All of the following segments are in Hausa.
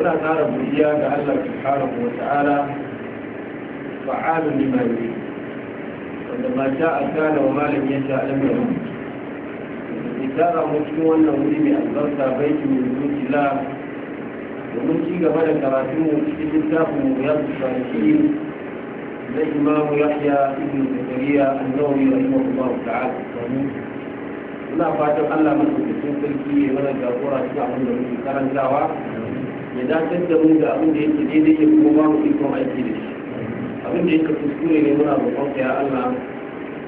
muna ƙara godiya ga Allah subhanahu wa ta'ala fa'alun lima yuri wanda ma sha a kana wa malam ya sha alam ya rubu ki tara mu cikin wannan wuri mai albarka baiti mai rubuci la domin ci gaba da karatun mu cikin littafin mu ya fi sarki na imamu yahya ibn zakariya annawi rahimahullahu ta'ala ina fatan Allah mutum sarki ya mana jagora cikin abin da muke karantawa ya dakatar da mu da abin da yake daidai ya kuma ba mu ikon aiki da shi abin da yake kuskure ne muna roƙon ka ya Allah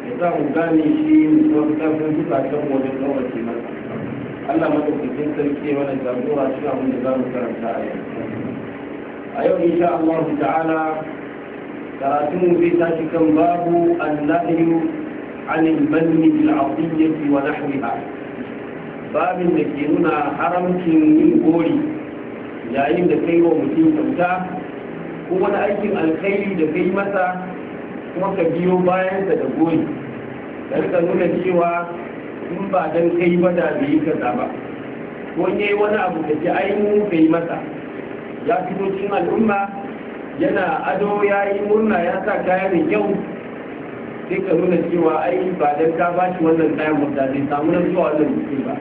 ya sa mu gane shi mu kuma fi ƙarfin zukatan wajen ɗaurace masa Allah madaukakin sarki ya mana jagora shi abin da za mu karanta a yau a yau insha Allah ta'ala karatun zai tashi kan babu annahyu عن المن بالعطية ونحوها باب لكننا حرمت من قولي yayin da kai wa mutum kyauta ko wani aikin alkhairi da kai masa kuma ka biyo bayansa da goyi da rika nuna cewa in ba dan kai ba da bai kaza ba ko ne wani abu da ke ainihin kai masa ya fito cikin al'umma yana ado ya yi murna ya sa kaya da kyau sai ka nuna cewa ai ba dan ka ba shi wannan kayan mutta zai samu nan zuwa wannan mutum ba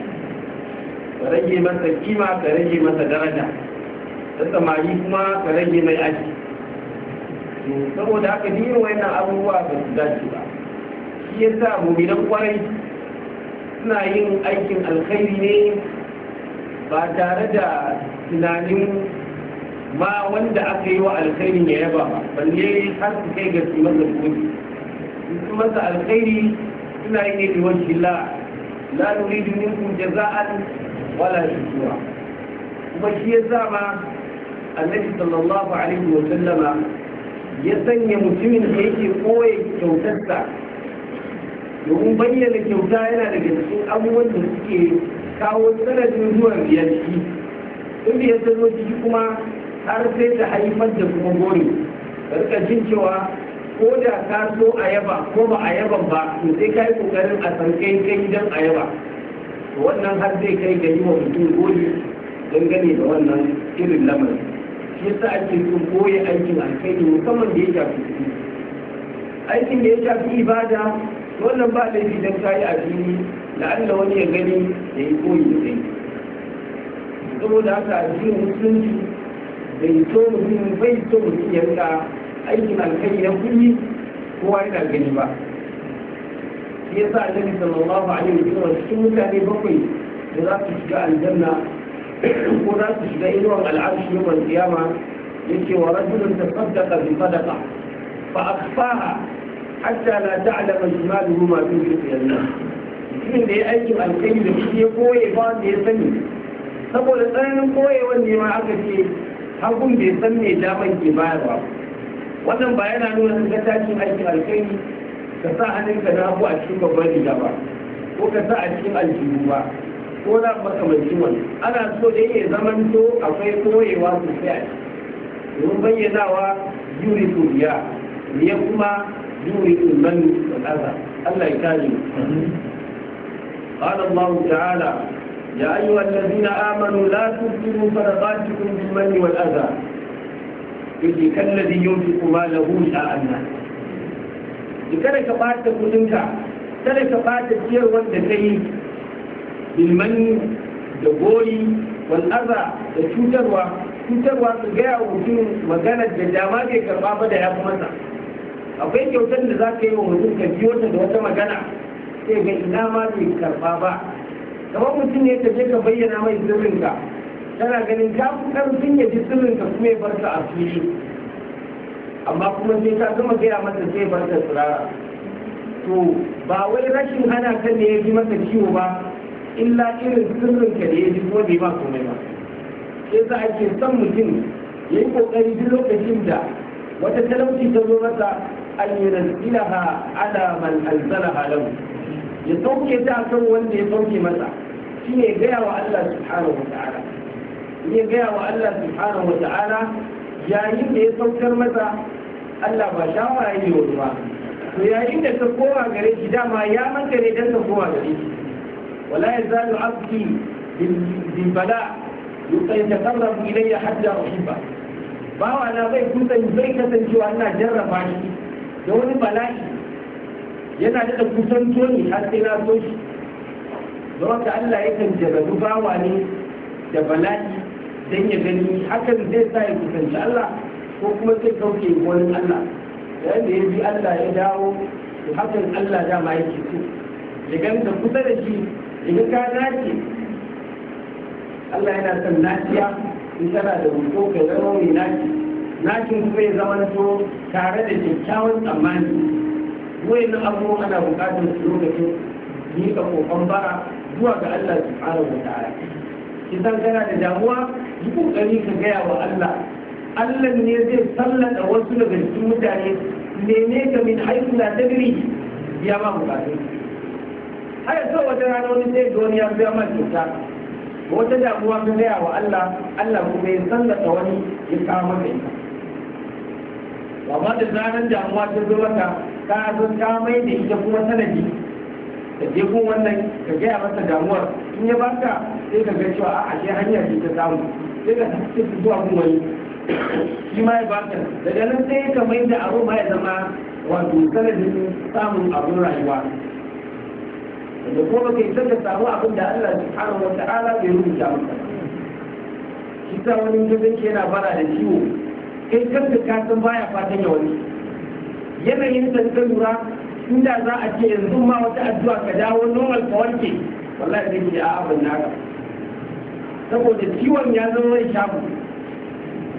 ka rage masa kima ka rage masa daraja da samari kuma ka rage mai aji saboda haka niyyar yana abubuwa ba su dace ba shi yasa muminan kwarai suna yin aikin alkhairi ne ba tare da tunanin ma wanda aka yi wa alkhairin ya yaba ba balle har su kai ga su masa kuɗi su masa alkhairi suna yi ne biwan shilla la nuridu minkum jaza'an wala shukura kuma shi ya zama annabi sallallahu alaihi wa sallama ya sanya mutumin da yake koye kyautarsa domin bayyana kyauta yana da cikin abubuwan da suke kawo sanadin zuwan riyarci in da ta zo ciki kuma har sai ta haifar da kuma gori rika jin cewa ko da ka so a yaba ko ba a yaba ba to sai ka yi kokarin a san kai kai dan a yaba wannan har zai kai ga yi wa mutum gori dangane da wannan irin lamarin yasa ake sun koya aikin alkhairi musamman da ya shafi aikin da ya shafi ibada wannan ba laifi don kayi a fili la'alla wani ya gani da ya koyi da kai saboda haka addinin musulunci bai so mutum bai so mutum ya rika aikin alkhairi na ko wani yana gani ba yasa annabi sallallahu alaihi wasallam cikin mutane bakwai da za su shiga aljanna ko za su shiga inuwan al'arshi yawan ya yake wa rajulun tasaddaqa bi sadaqa fa akfaha hatta la ta'lama shimaluhu ma tunfiqu yamin mutumin da ya aikin alkhairi da shi ya koye ba wanda ya sani saboda tsananin koyewan ne ma aka ce hagun bai san me daman ke bayarwa wannan ba yana nuna ga tashin aikin alkhairi ka sa hannunka na abu a cikin babban riga ba ko ka sa a cikin aljihu ba ko na makamancin wani ana so da ya zaman to akwai koyewa su a domin wa yuri kuriya ne kuma yuri kulman al'aza Allah ya kare قال الله تعالى يا أيها الذين آمنوا لا تبطلوا صدقاتكم بالمن والأذى yake kallazi yunfi kuma lahu sha'anna kada ka bata kudinka kada ka bata ciyar wanda kai bilmani da gori wal'aza da cutarwa cutarwa su gaya wa mutum magana da dama bai karba ba da ya fi masa akwai kyautar da za ka yi wa mutum ka ji wata da wata magana sai ga ina ma bai karba ba kamar mutum ne ta je ka bayyana mai sirrinka tana ganin ka fi ƙarfin ya ji sirrinka kuma ya bar a fili amma kuma sai ka gama gaya masa sai bar ta tsirara to ba wai rashin hana kan ne ya ji masa ciwo ba illa irin sirrin ka da ya ji ko bai ba komai ba sai za a ke san mutum ya yi kokari duk lokacin da wata talauci ta zo masa an yi nasilaha ala man alzala halau ya sauke ta kan wanda ya sauke masa shi ne gaya wa Allah subhanahu wa ta'ala ya gaya wa Allah subhanahu wa ta'ala yayin da ya saukar masa Allah ba shawara yi wa ba to yayin da ta kowa gare shi dama ya manta ne dan ta kowa gare shi ولا يزال عبدي بالبلاء يتقرب إلي حتى أحبه bawa na bai kusan zai na jarrafa jarraba shi da wani bala'i yana da kusan toni har sai na so shi da wata Allah kan jarrabu bawa ne da bala'i dan ya gani hakan zai sa ya kusanci Allah ko kuma zai kauke wani Allah yayin ya bi Allah ya dawo da hakan Allah dama yake so ya ganta kusa da shi idan ka nace Allah yana son naciya in tana da hoto ka zama mai naci nacin kuma ya zama to tare da kyakkyawan tsammani na abu ana bukatar su lokacin yi ka kokon bara zuwa ga Allah su subhanahu wa ta'ala idan kana da damuwa yi kokari ka gaya wa Allah Allah ne zai sallata wasu daga cikin mutane ne ka min haifu na tagiri ya ma bukatun har yanzu wata rana wani zai ga wani ya biya mai kyauta wata damuwa ta gaya wa Allah Allah kuma ya sallata wani ya kawo maka ita ma da ranar damuwa ta zo maka ta zo ka mai da ita kuma sanadi da je wannan ka gaya masa damuwar in ya baka sai ka ga cewa a ce hanyar da ta samu sai ka tafi zuwa kuma yi shi ma ya baka daga nan sai ka mai da abu ma ya zama wato sanadin samun abin rayuwa da kuma kai ta ka samu abin da Allah subhanahu wa ta'ala bai rubuta maka shi ta wani ke yana fara da ciwo kai kanka ka san baya fatan ya wani yanayin da ka lura inda za a ce yanzu ma wata addu'a ka dawo normal ka wanke wallahi zai ce a abin naka saboda ciwon ya zama mai shafu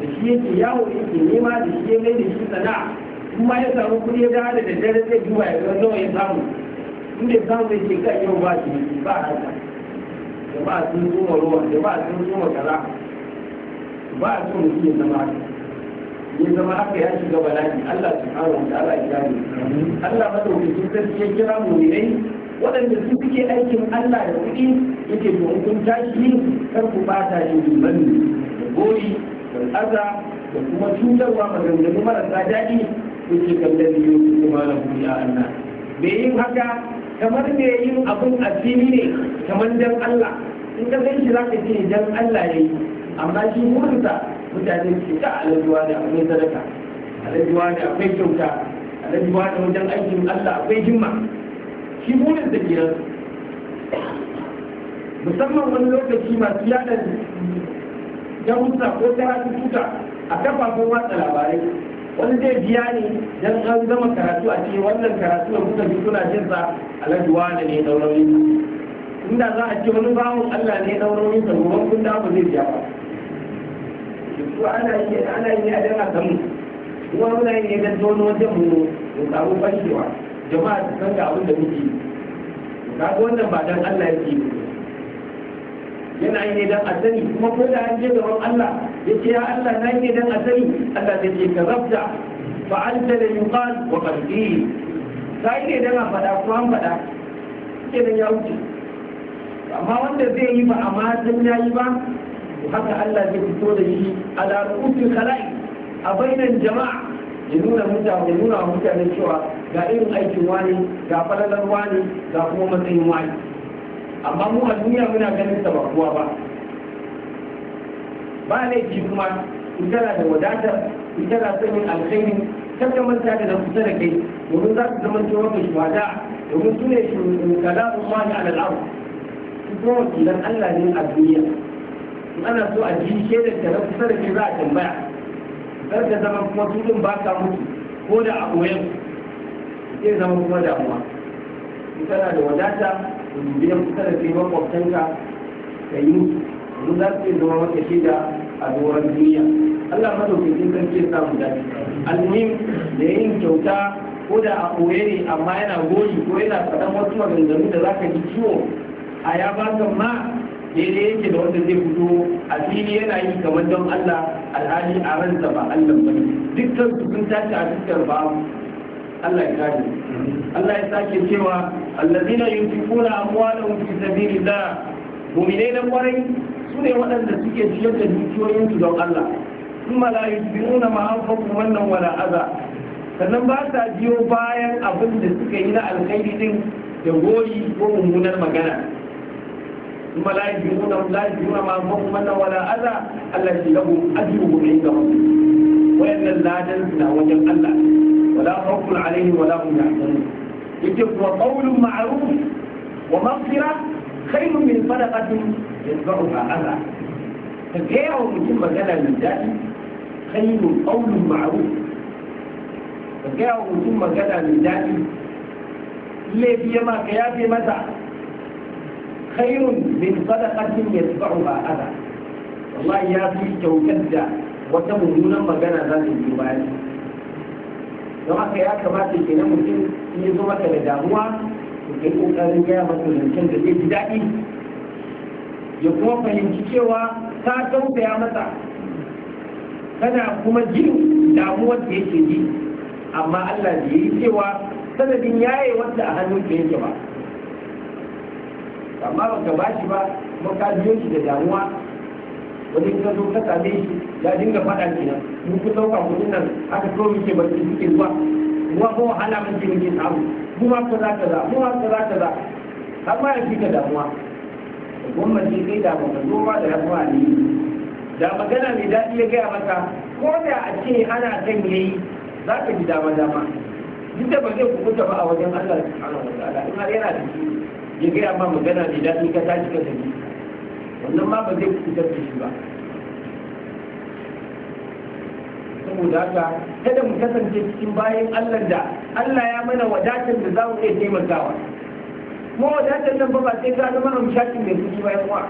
da shi yake yawo yake nema da shi ya mai da shi sana'a kuma ya samu kuɗi ya dawo da daddare zai duba ya zama nawa ya samu in za mu yake ce kan yau ba shi ba a ba a sun tsoma ruwa da ba a sun tsoma kaza ba a sun yi zama haka ya zama haka ya shiga bala'i Allah subhanahu da ta'ala ya yi. Allah madaukakin sarki ya kira mu ne waɗanda su suke aikin Allah da kuɗi yake da hukun tashi tashi kar ku bata yi liman da gori da aza da kuma cutarwa maganganu marasa daɗi yake kallon yau kuma na kuɗi a Allah. Me yin haka kamar me yin abun asiri ne kamar dan Allah in ka san shi za ka ce dan Allah ya yi amma shi burinsa mutane su ta alajuwa da akwai sadaka alajuwa da akwai kyauta alajuwa da wajen aikin Allah akwai himma shi burinsa kenan musamman wani lokaci masu yada jarusa ko tuta a kafafen watsa labarai wani zai biya ne don an zama karatu a cikin wannan karatu da kuka bi suna jin sa alhaji da ne daurauyin inda za a ce wani bawon Allah ne daurorin sa gobe kun da ba zai biya ba su ana yi ana yi a dana samu kuma muna yi ne dan tono wajen mu mu samu fashewa jama'a su san ga abin da muke kaga wannan ba dan Allah yake yana yi ne dan a sani kuma ko da an je gaban Allah yace ya Allah na ke dan asali Allah ta ke karabta fa'alta la yuqal wa qalbi sai ne dan a fada ko an fada ke dan ya wuce amma wanda zai yi ba amma dan yayi ba haka Allah zai fito da shi ala ru'usul khala'i a bainan jama'a ya nuna mutane ya nuna mutane cewa ga irin aikin wani ga falalar wani ga kuma matsayin wani amma mu a duniya muna ganin sa ba ba ba laifi kuma in tana da wadatar in tana son yin alkhairi kar ka manta da da kusa da kai domin za su zama cewa ka shuhada domin su ne shugaba kuma ne al'adu su kuma wakilan Allah ne a duniya in ana so a ji shaidar da na kusa da kai za a tambaya kar ka zama kuma tudun ba ka mutu ko da a koyan zai zama kuma damuwa in tana da wadata in biyan kusa da kai makwabtanka ka yi musu domin za su iya zama maka shaida a doron duniya Allah madaukakin sarki ya samu da yin kyauta ko da a koye ne amma yana goyi ko yana faɗan wasu maganganu da zaka ji ciwo a ya baka ma daidai yake da wanda zai fito a fili yana yi kamar don Allah alhali a ransa ba Allah ba dukkan su tashi a fuskar ba Allah ya kare Allah ya sake cewa allazina yunfiquna amwalahum fi sabilillah mu'minai na kwarai su ne waɗanda suke ciyar da dukiyoyinsu don Allah kuma la yusbiruna ma anfaqu wannan wala aza sannan ba sa biyo bayan abin da suka yi na alkhairi din da goyi ko mummunar magana kuma la yusbiruna la yusbiruna ma anfaqu wannan wala aza Allah allati lahum ajruhum inda rabbihim wayannan ladan na wajen Allah wala khawfun alaihim wala hum yahzanun yake wa qawlun ma'ruf wa maghfirah khayrun min sadaqatin ka gaya wa mutum magana mai daɗi خير ka gaya wa mutum magana mai daɗi laifi ya maka ya fi mata khairun min sadaqatin yatba'uha adha wallahi ya fi kyautar da wata mummunan magana za ta yi bayan don haka ya kamata kenan mutum in ya zo maka da damuwa to kai kokarin gaya masa zancen da zai ji daɗi ya kuma fahimci cewa ta tausaya masa tana kuma jin damuwar da yake ji amma Allah ya yi cewa sanadin yaye wanda a hannun ka yake ba amma ka ba shi ba kuma ka biyo shi da damuwa wani ka zo ka same shi ya dinga faɗa kenan mun ku ɗauka kuɗin nan aka kawo muke barci suke zuwa kuma ko wahala mun ke muke samu kuma ma kaza kuma kaza za har ma ya fi ka damuwa mun mace kai da ba zo da rafuwa ne da magana mai daɗi ya gaya maka ko da a ce ana kan yayi za ka ji dama dama duk da ba zai kubuta ba a wajen Allah subhanahu wa ta'ala in har yana da shi ya gaya ma magana mai daɗi ka tashi ka tafi wannan ma ba zai kubutar da shi ba saboda haka kada mu kasance cikin bayan Allah da Allah ya mana wadatar da za mu iya taimakawa mu wadatar nan ba ba sai ka zama rumshakin mai kuɗi ba yan uwa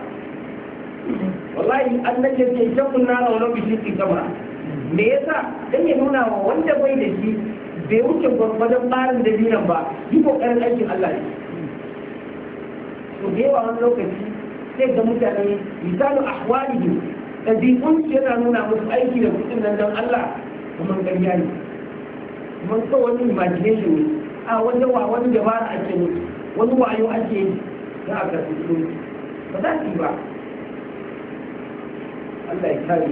wallahi an nake ce ta kunna na wani bishin ki kamar me yasa dan ya nuna wa wanda bai da shi bai wuce gwargwadon barin da binan ba yi kokarin aikin Allah ne to da yawa wani lokaci sai ga mutane misalu ahwalihi ɗabi'un yana nuna musu aiki da kuɗin nan don Allah kamar ƙarya ne kamar kawai wani imagination ne a wanda wa wani dabara ake mutu. wani wayo ake yi za a karfi su ba za su yi ba Allah ya kare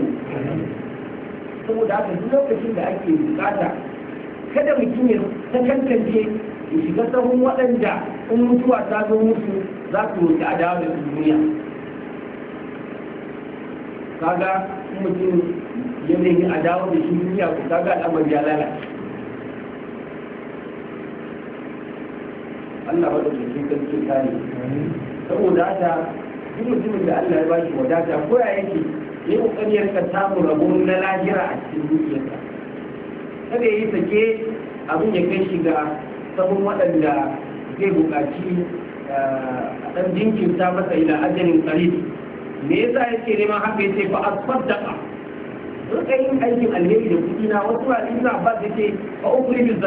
saboda haka duk lokacin da ake bukata kada mutum ya ta kankance ya shiga sahun waɗanda in mutuwa ta zo musu za su roƙi a dawo da su duniya kaga mutum ya nemi a dawo da shi duniya ko kaga al'amari ya lalace Allah ba da jikin sarki kare saboda haka duk mutumin da Allah ya ba shi wadata ko ya yake ya kokari ya ka samu rabo na lahira a cikin dukiyarsa kada ya yi sake abin ya kai shi ga sabon waɗanda zai buƙaci eh, a ɗan jinkirta masa ila ajalin qalil me yasa yake neman haka yace fa asfaddaqa rika yin aikin alheri da kuɗi na wasu ba ina ba zai ce fa ukri bil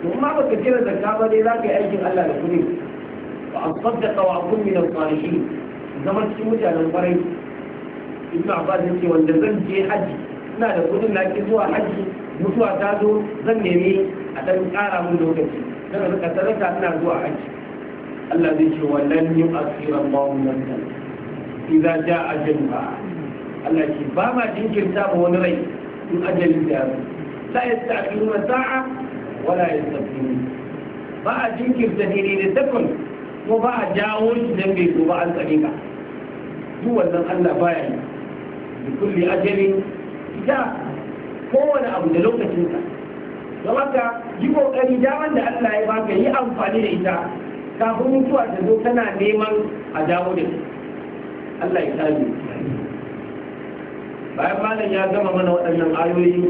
kuma ba ka kira zakka ba dai za ka yi aikin Allah da kuɗi fa an saddaqa wa akun min al-salihin zama cikin mutanen kwarai ba abbas ce wanda zan je haji ina da kuɗin na ki zuwa haji mutuwa ta zo zan nemi a dan ƙara mun lokaci dan rika sadaka ina zuwa haji Allah zai ce wallan yu'akhira Allahu nafsan idza ja'a ajaluha Allah ce ba ma jinkirta ba wani rai in ajalin da ya zo la yasta'khiruna sa'a wala yastaqim ba a jinkirta daidai da dakon ko ba a jawo shi dan bai zo ba an tsare ka duk wannan Allah baya yi bi kulli ajalin ita kowane abu da lokacin ka. don haka yi kokari daman da Allah ya baka yi amfani da ita kafin mutuwa ta zo tana neman a dawo da Allah ya kare bayan malam ya gama mana waɗannan ayoyi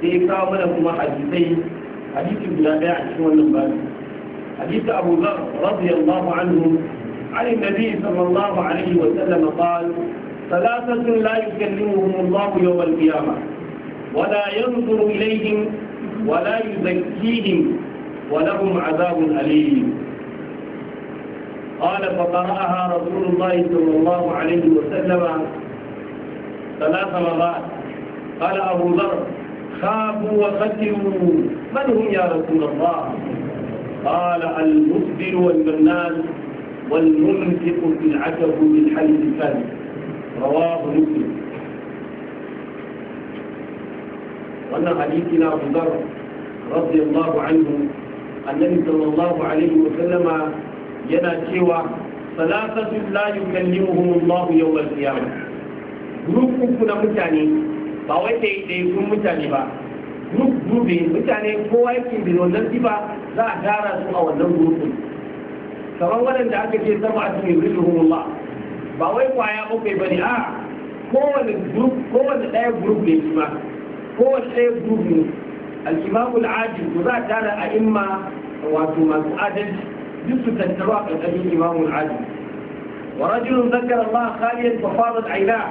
sai ya kawo mana kuma hadisai حديث ابن daya a cikin حديث ابو ذر رضي الله عنه عن النبي صلى الله عليه وسلم قال ثلاثة لا يكلمهم الله يوم القيامة ولا ينظر إليهم ولا يزكيهم ولهم عذاب أليم قال فقرأها رسول الله صلى الله عليه وسلم ثلاث مرات قال أبو ذر خافوا وقتلوا من هم يا رسول الله قال المسبل والمنان والمنفق في العجب من حيث الفن رواه مسلم وأن حديثنا أبو ذر رضي الله عنه النبي صلى الله عليه وسلم ينا شوى ثلاثة لا يكلمهم الله يوم القيامة Grupu kuna mutane ba wai ɗaiɗaikun mutane ba duk dube mutane kowa yake da wannan sifa za a tara su a wannan gurbin kamar waɗanda aka ce sama a cikin rizurullah ba wai kwaya bakwai ba ne a kowane grup kowane ɗaya grup ne shi ma kowane ɗaya grup ne alkimamul adil ko za a tara a imma wato masu adalci duk su tattaru a ƙarƙashin imamul adil ورجل ذكر الله خاليا ففاضت عيناه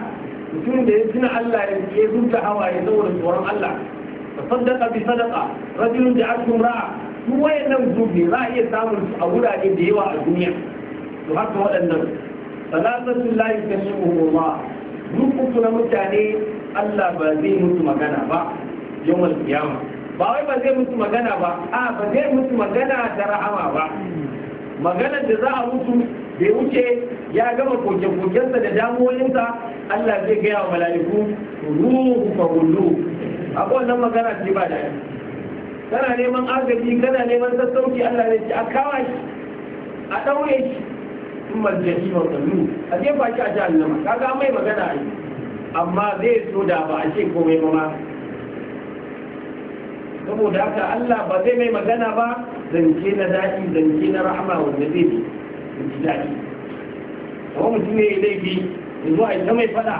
mutum da ya tuna Allah ya ya zuta ya saboda tsoron Allah ta sadaka bi sadaka rajulun da akum ra'a su wayannan zubi za a iya samun su a wurare da yawa a duniya to haka waɗannan salatatu la yukallimuhum Allah rukuku na mutane Allah ba zai mutu magana ba yawmal qiyama ba wai ba zai mutu magana ba a ba zai mutu magana da rahama ba maganar da za a mutu bai wuce ya gama koke-kokensa da damuwoyinsa Allah zai gaya wa mala'iku ruhu fa hullu a wannan magana ce ba da kana neman agaji kana neman sassauci Allah zai ce a kawai shi a ɗaure shi in maljani ma kallu a jefa shi a jahannama kaga mai magana a yi amma zai so da ba a ce komai ba ma saboda haka Allah ba zai mai magana ba zance na daɗi zance na rahama wanda zai bi zance daɗi kuma mutum ne ya laifi yanzu a ta mai faɗa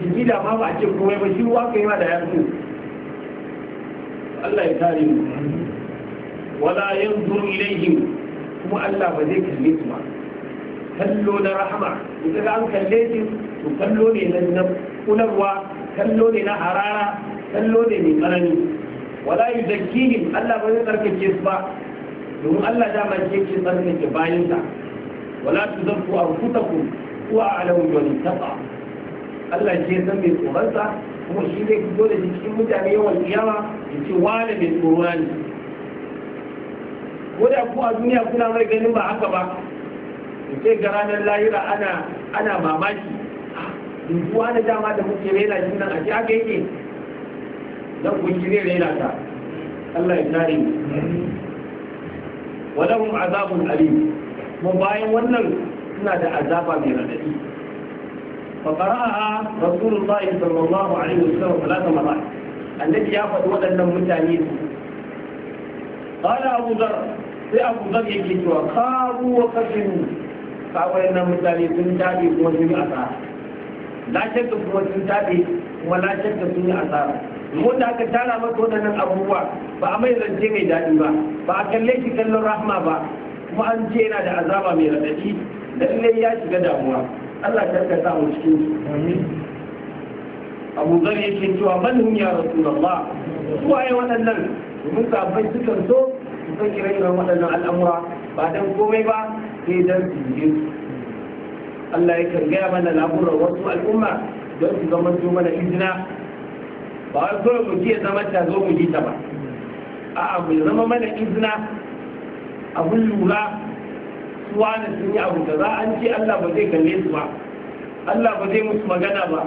jiki da ma ba a ce komai ba shi ruwa kai ma da ya fi Allah ya kare mu wala yanzuru ilaihim kuma Allah ba zai kalle su ba kallo na rahama idan an kalle shi to kallo ne na kularwa kallo ne na harara kallo ne mai tsanani wala yuzakkihim Allah ba zai tsarkake su ba domin Allah dama ke ce tsarkake bayan sa wala tuzakku a wa a'lamu bi taqa Allah ke san mai tsoron sa kuma shi zai fito da cikin mutane yawan kiyama ya ce wani mai tsoro ne ko da ku a duniya kuna mai ganin ba haka ba sai ga ranar lahira ana ana mamaki duk kuwa na dama da muke rela shi nan a ji aka yake dan gunki zai raina ta Allah ya kare mu wa azabun alim mu bayan wannan suna da azaba mai radadi fa qara'aha rasulullah sallallahu alaihi wasallam talata marat annabi ya faɗi waɗannan mutane su qala abu dhar sai abu ya ke cewa qabu wa qadimu kawai nan mutane sun tabe kuma sun yi asara la shakka kuma sun tabe kuma la shakka sun yi asara wanda aka tara maka waɗannan abubuwa ba a mai rance mai daɗi ba ba a kalle shi kallon rahma ba kuma an ce yana da azaba mai raɗaɗi lallai ya shiga damuwa Allah ta ka sa mu cikin su Abu Zar yake cewa man hum ya Rasulullah su waye waɗannan domin sahabbai sukan so su san kira waɗannan al'amura ba dan komai ba sai dan su Allah ya kan gaya mana lamuran wasu al'umma don su zama mana izina ba wani kawai mu ji ya zama ta zo mu ji ta ba a'a ya zama mana izina abun lura suwa da sun yi abu za an ce Allah ba zai kalle su ba Allah ba zai musu magana ba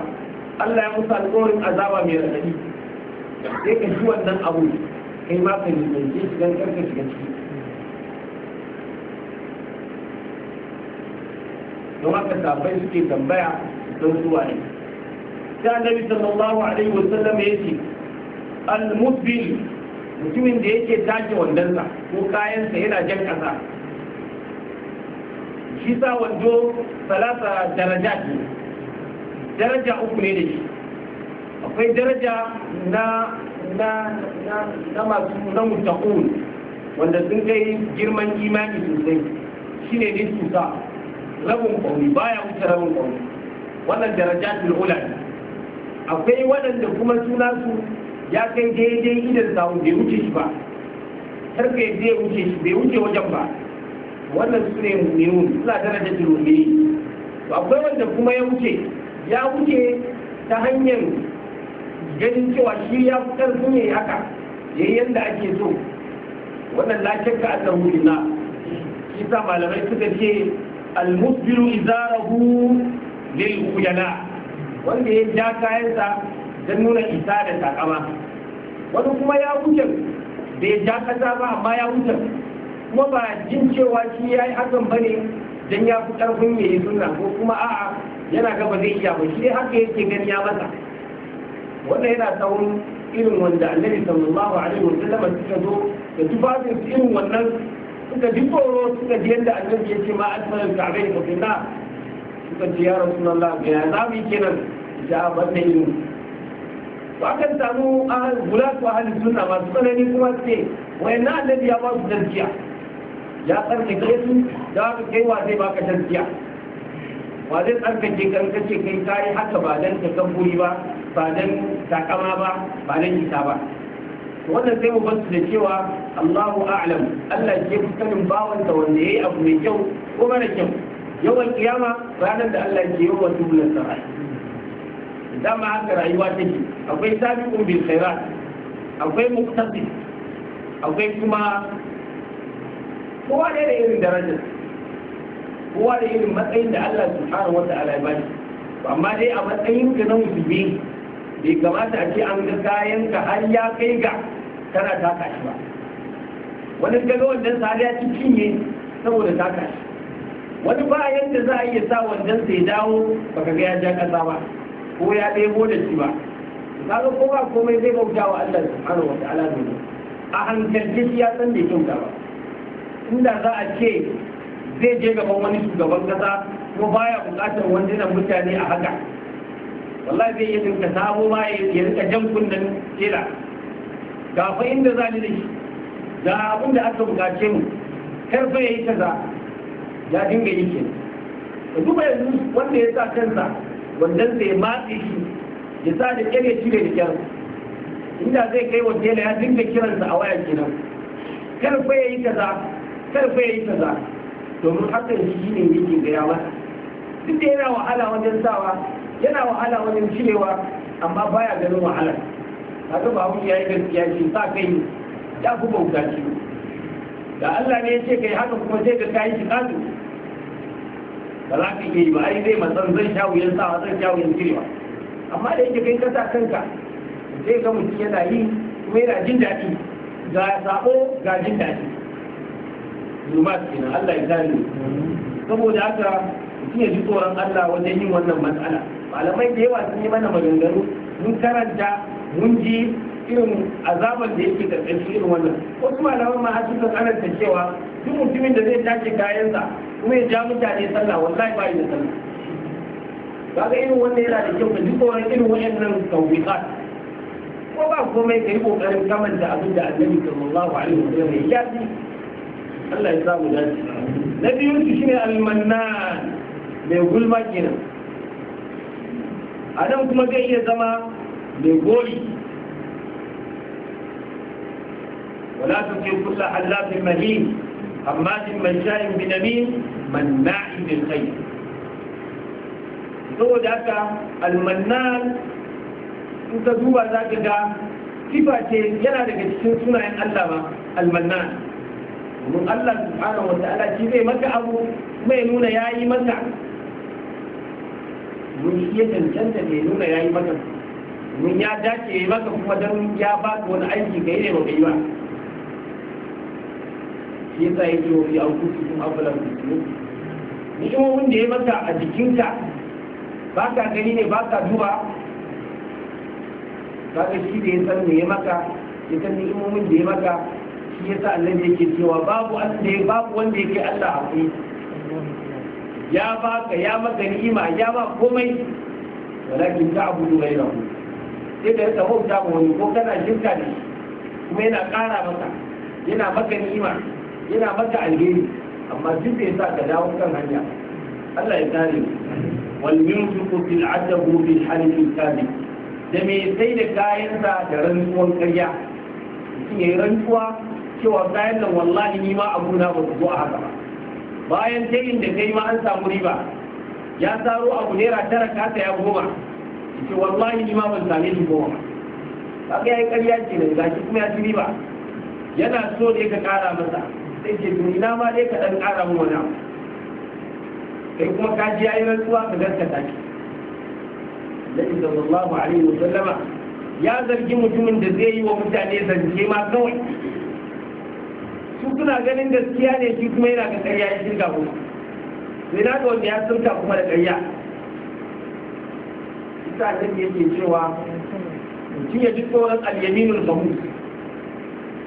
Allah ya musu alƙawarin azaba mai raɗaɗi sai ka shi wannan abu kai ma ka nisance shi shigar karka shiga ciki don haka safai suke tambaya don zuwa ne sai annabi sallallahu alaihi wasallam ya ce al-mudbil mutumin da yake tace wandonsa ko kayansa yana jan kasa shi sa wando salasa daraja ce daraja uku ne da shi akwai daraja na na na na masu na mutaqun wanda sun kai girman imani sosai shine ne tusa rabin kwauni baya wuce rabin kwauni wannan daraja ula ne akwai waɗanda kuma suna su ya kai daidai idan sawu bai wuce shi ba karfe zai wuce shi bai wuce wajen ba wannan su ne mu'minun suna daraja tilumi to akwai wanda kuma ya wuce ya wuce ta hanyar ganin cewa shi ya fi su ne haka yi yanda ake so wannan ka shakka annahu lillah shi sa malamai suka ce al-musbiru izarahu lil ujala wanda ya ja kayansa don nuna isa da takama wani kuma ya wuce ya ja kasa ba amma ya wuce kuma ba jin cewa shi ya yi hakan ba ne don ya fi ƙarfin ya suna ko kuma a'a yana gaba zai iya ba shi dai haka yake gani ya masa wanda yana tsawon irin wanda annabi sallallahu alaihi wa sallama suka zo da tufafin irin wannan suka ji tsoro suka ji yadda annabi ya ce ma asmalul suka ce ya na ga ya zamu yi kenan da banda ba a kan samu ahal gulat wa ahal sunna masu tsanani kuma ce na annabi ya ba su gaskiya ya tsarkake su da aka kai wa zai baka gaskiya ba zai tsarkake kan kace kai yi haka ba dan ka kamburi ba ba dan takama ba ba dan kita ba wannan sai mu basu da cewa Allahu a'lam Allah ke sanin bawansa wanda ya yi abu mai kyau ko mara kyau yawan kiyama ranar da Allah ke wa dubulan sarai dama haka rayuwa take akwai sabiqun bil khairat akwai muqtadi akwai kuma kowa ne da irin darajar kowa da irin matsayin da Allah subhanahu fara ta'ala ya bani amma dai a matsayin ka na musulmi bai kamata a ce an ga kayan ka har ya kai ga kana taka shi ba wani gaga wannan sadiya ci cinye saboda taka shi wani ba yadda za a iya sa wandan sai dawo baka ga ya ja kasa ba ko ya ɗebo da shi ba kaga ko ba komai zai bauta wa Allah subhanahu wa ta'ala ne a hankali shi ya san bai kyauta ba inda za a ce zai je gaban wani shugaban kasa ko baya bukatar wandunan mutane a haka wallahi zai iya rinka sabo ba ya rika jan kunnan kila ga fa inda za ni da shi ga abin da aka bukace mu kar fa yayi kaza ya dinga yi kenan da duba yanzu wanda ya sa kansa wannan sai matse shi ya sa da kyar ya da kyar inda zai kai wa tela ya dinga kiransa a waya kenan kar fa yayi kaza kar fa yayi kaza domin hakan shi ne yake gaya masa duk da yana wahala wajen sawa yana wahala wajen cirewa amma baya ganin wahala wahalar ga ba ya yayi gaskiya shi sa kai ya fi bauta shi da Allah ne ya ce kai haka kuma sai ka kai shi kazu ba za ka iya yi ba ai zai matsan zai sha wuyan sawa zan sha wuyan ba amma da yake kai kasa kanka zai ga mutum yana yi kuma yana jin daɗi ga sabo ga jin daɗi zulmat kenan Allah ya gane saboda haka mutum ya ji tsoron Allah wajen yin wannan matsala malamai da yawa sun yi mana maganganu mun karanta mun ji irin azabar da yake karkashin irin wannan wasu malaman ma har suka karanta cewa duk mutumin da zai tashi kayansa kuma ya ja mutane sallah wallahi ba da sallah kaga irin wanda yana da kyau ka ji tsoron irin wayannan tawbiqat ko ba komai ka yi kokarin kamanta abin da annabi sallallahu alaihi wasallam ya yi Allah ya samu dace na biyu shi shine almannan mai gulma kenan a nan kuma zai iya zama mai gori ولا تطيع كل حلاف مهين amma حماد منشاء بنميم مناع بالخير saboda haka almannan in ka duba za ka ga sifa ce yana daga cikin sunayen Allah ba almannan domin Allah subhanahu wa ta'ala shi zai maka abu mai nuna yayi maka mun shi ya cancanta mai nuna yayi maka mun ya dace maka kuma dan ya ba baka wani aiki ga yi ne ba shi yasa yake wa kusa anfusikum afalan tusirun ni'imomin da ya maka a jikinka ba ka gani ne ba ka duba ba ka shi da ya san me ya maka ya san ni'imomin da ya maka shi yasa annabi yake cewa babu wanda babu wanda ke Allah hakuri ya ka ya maka ni'ima ya ba komai walakin ta'budu ghayrahu sai da ya samu ta wani ko kana shirka ne kuma yana ƙara maka yana maka ni'ima yana mata alheri amma duk da yasa ka dawo kan hanya Allah ya kare wal yunfiqu fil adabu bil halif al kadhib da me sai da kayansa da rantsuwar ƙarya shi ne rantsuwa cewa kayan nan wallahi ni ma abuna ba su zo a haka ba bayan tayin da kai ma an samu riba ya saro abu naira tara ka ya goma ce wallahi ni ma ban same shi goma ba kaga yi ƙarya ce da shi kuma ya ci riba yana so ne ka kara masa sai ke to ina ma dai ka ƙara mu wani abu Sai kuma ka ji yayi rantsuwa ka gaskata shi Nabi sallallahu alaihi wa sallama ya zargi mutumin da zai yi wa mutane zance ma kawai su suna ganin gaskiya ne shi kuma yana ga ƙarya ya shirka kuma sai na wanda ya shirka kuma da ƙarya isa annabi yake cewa mutum ya ji tsoron alyaminul kamus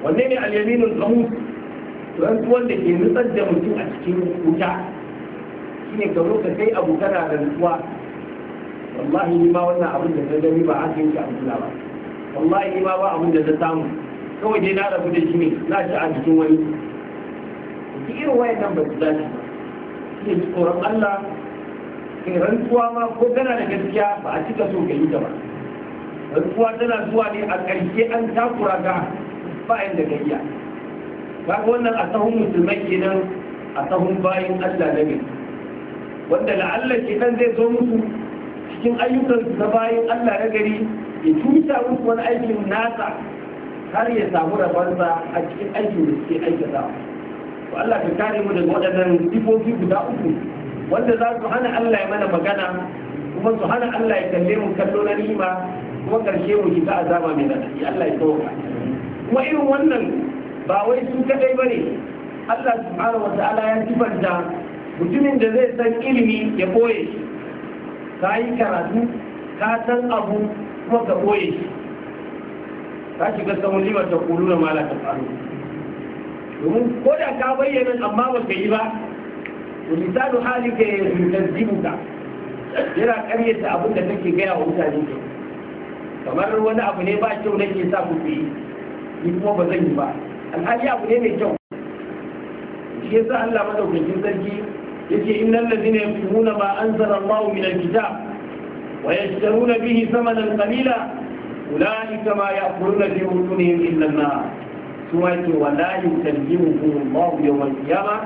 wanne ne alyaminul kamus don wanda ke nutsar da mutum a cikin wuta shine ka gano ka kai abu kana da nutsuwa wallahi ni ma wannan abin da ta gani ba cikin yake abu ba wallahi ni ma ba abin da ta samu kawai dai na rabu da shi ne na shi a cikin wani duk irin wayan nan ba su dace ba shi tsoron Allah Sai rantsuwa ma ko gana da gaskiya ba a cika so ka yi ta ba rantsuwa tana zuwa ne a ƙarshe an takura ga ba yanda ka iya ga wannan a sahun musulmai kenan a sahun bayan Allah na ne wanda la'alla kenan zai zo musu cikin ayyukan na bayan Allah na gari ya cuta musu wani aikin nasa har ya samu rabansa a cikin aikin da suke aikata to Allah ka kare mu daga waɗannan sifofi guda uku wanda za su hana Allah ya mana magana kuma su hana Allah ya kalle mu kallo na ni'ima kuma karshe mu shiga azaba mai nadi Allah ya tsoka kuma irin wannan ba wai su kadai bane Allah subhanahu wa ta'ala ya sifanta mutumin da zai san ilimi ya koye shi ka yi karatu ka san abu kuma ka koye shi ka shiga samun limar ta kulu na mala ta faru domin ko da ka bayyana amma ba ka yi ba to misalu hali ka yi zuntar yana karyata abin da take gaya wa mutane kamar wani abu ne ba kyau nake sa ku yi kuma ba zan yi ba alhali abu ne mai kyau shi ya sa Allah madaukakin sarki Ya yace innal ladina yafhimuna ma anzala Allahu min alkitab wa yashtaruna bihi thamanan qalila ulaika ma ya'kuluna fi butunihim illa an-nar suma yake wala yukallimuhum Allahu yawm al-qiyamah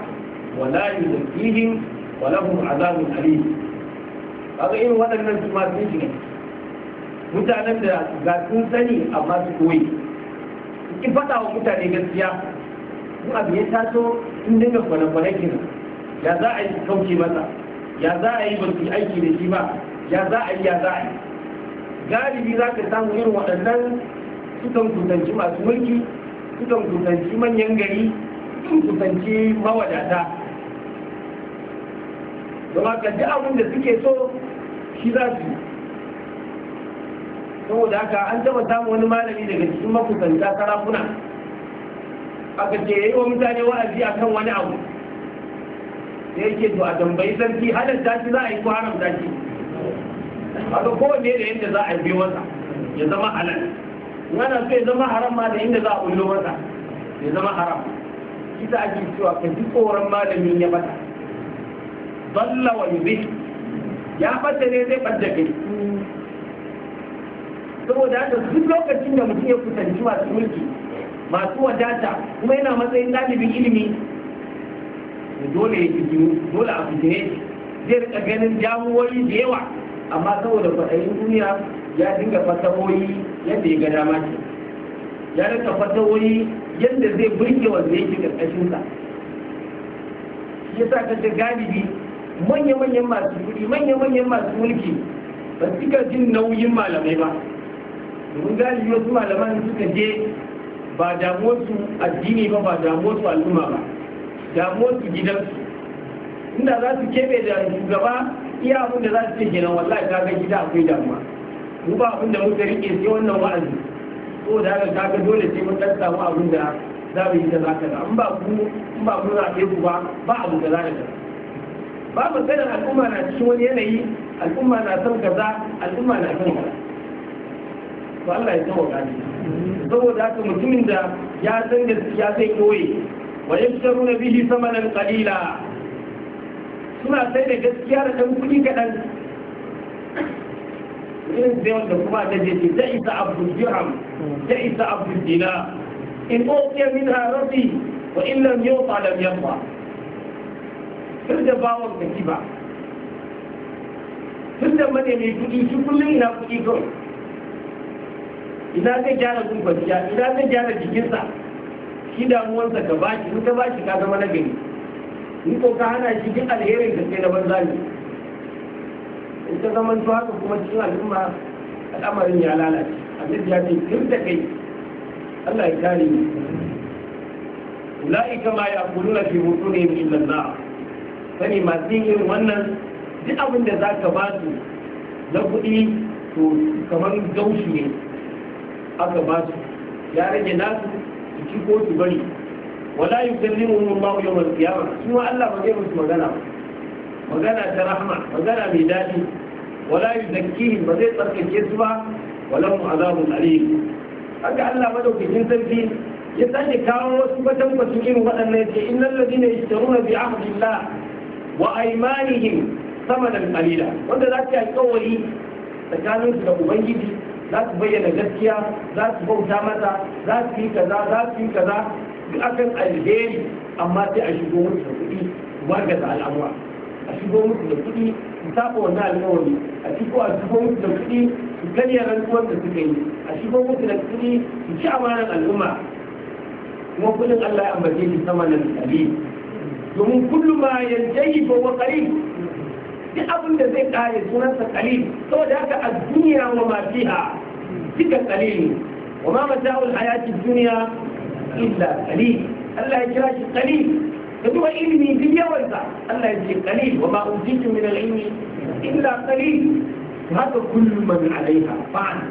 wala yuzakkihim wa lahum adhabun alim kaga irin waɗannan su ma sun shiga mutanen da ga sun sani amma su koyi ki faɗa wa mutane gaskiya in abu ya taso in dinga kwane-kwane kenan ya za a yi kauce masa ya za a yi ba su aiki da shi ba ya za a yi ya za a yi galibi za ka samu irin waɗannan sukan kusanci masu mulki sukan kusanci manyan gari sukan kusanci mawadata don haka duk abin da suke so shi za su saboda haka an taba samu wani malami daga cikin makusanta sarakuna aka ce yayi wa mutane wa'azi a kan wani abu da yake to a tambayi sarki halin shi za a yi ko haram shi haka kowane da yadda za a bi wasa ya zama halal yana so ya zama haram ma da inda za a ullo wasa ya zama haram kita ake cewa ka ji tsoron malamin ya bata balla wa yuzi ya bata ne zai ɓadda kai saboda haka duk lokacin da mutum ya kusanci masu mulki masu wadata kuma yana matsayin ɗalibin ilimi dole ya fitinu dole a fitine zai rika ganin jamuwoyi da yawa amma saboda kwaɗayin duniya ya dinga fasahohi yadda ya ga dama ce ya rika fasahohi yadda zai burge wanda yake ƙarƙashinsa shi sa ka ga galibi manya-manyan masu kuɗi manya-manyan masu mulki ba su jin nauyin malamai ba domin galibi wasu malaman suka je ba damuwarsu addini ba ba damuwarsu al'umma ba damuwarsu gidansu inda za su kebe da shugaba iya abin da za su ce kenan wallahi ta ga gida akwai damuwa mu ba abin da muka rike sai wannan wa'azi ko da haka ta ga dole sai mun ɗan samu abin da za mu yi da za ka ga in ba ku in ba mun zaɓe ku ba ba abu da za ka da ba maganar al'umma na cikin wani yanayi al'umma na son kaza al'umma na son kaza to Allah ya tsawo gani saboda haka mutumin da ya san gaskiya zai koye wa yashtaruna bihi samanan qalila suna sai da gaskiya da dan kuɗi kaɗan irin zai wanda kuma da ce ta isa abdul dirham ta isa abdul dina in uqiya minha rabi wa in lam yuta lam yamma tun da bawon ka kiba tun da mai kuɗi shi kullum ina kuɗi kawai ina zai gyara gurbaciya ina zai gyara jikinsa shi damuwarsa ka ba shi ka ba shi ka zama nagari ni ko ka hana shi duk alherin da kai na banza ne in ka zama to haka kuma cikin al'umma al'amarin ya lalace annabi ya ce kin da kai Allah ya kare ni ulaika ma yaquluna fi butunihim illa an-nar sani masu yin irin wannan duk abin da zaka ba su na kuɗi to kamar gaushi ne aka ba su ya rage nasu su ci ko su bari wala yukallimuhum Allah yawm al-qiyamah kuma Allah ba zai musu magana magana ta rahma magana mai daɗi wala yuzakkihim ba zai tsarkake su ba wala mu azabun alim haka Allah madaukakin sarki ya sake kawo wasu kwatankwacin irin waɗannan ce innal ladina yashtaruna bi ahdillah wa aymanihim samanan qalila wanda za su yi alƙawari tsakaninsu da ubangiji za su bayyana gaskiya za su bauta mata za su yi kaza za su yi kaza duk akan alheri amma sai a shigo musu da kuɗi wargaza al'amura a shigo musu da kuɗi su saba wannan alƙawari a shigo a shigo musu da kuɗi su karya rantsuwar da suka yi a shigo musu da kuɗi su ci amanar al'umma kuma kuɗin Allah ya ambace shi sama na misali domin kullum ma yanjayi ba wa duk abin da zai kare sunansa kalil saboda haka a duniya wa ma fiha duka kalil wa ma mata'ul hayati duniya illa kalil Allah ya kira shi kalil ka duba ilimi duk yawansa Allah ya ce kalil wa ma utitu min al-ilmi illa kalil haka kullu man alaiha fa'al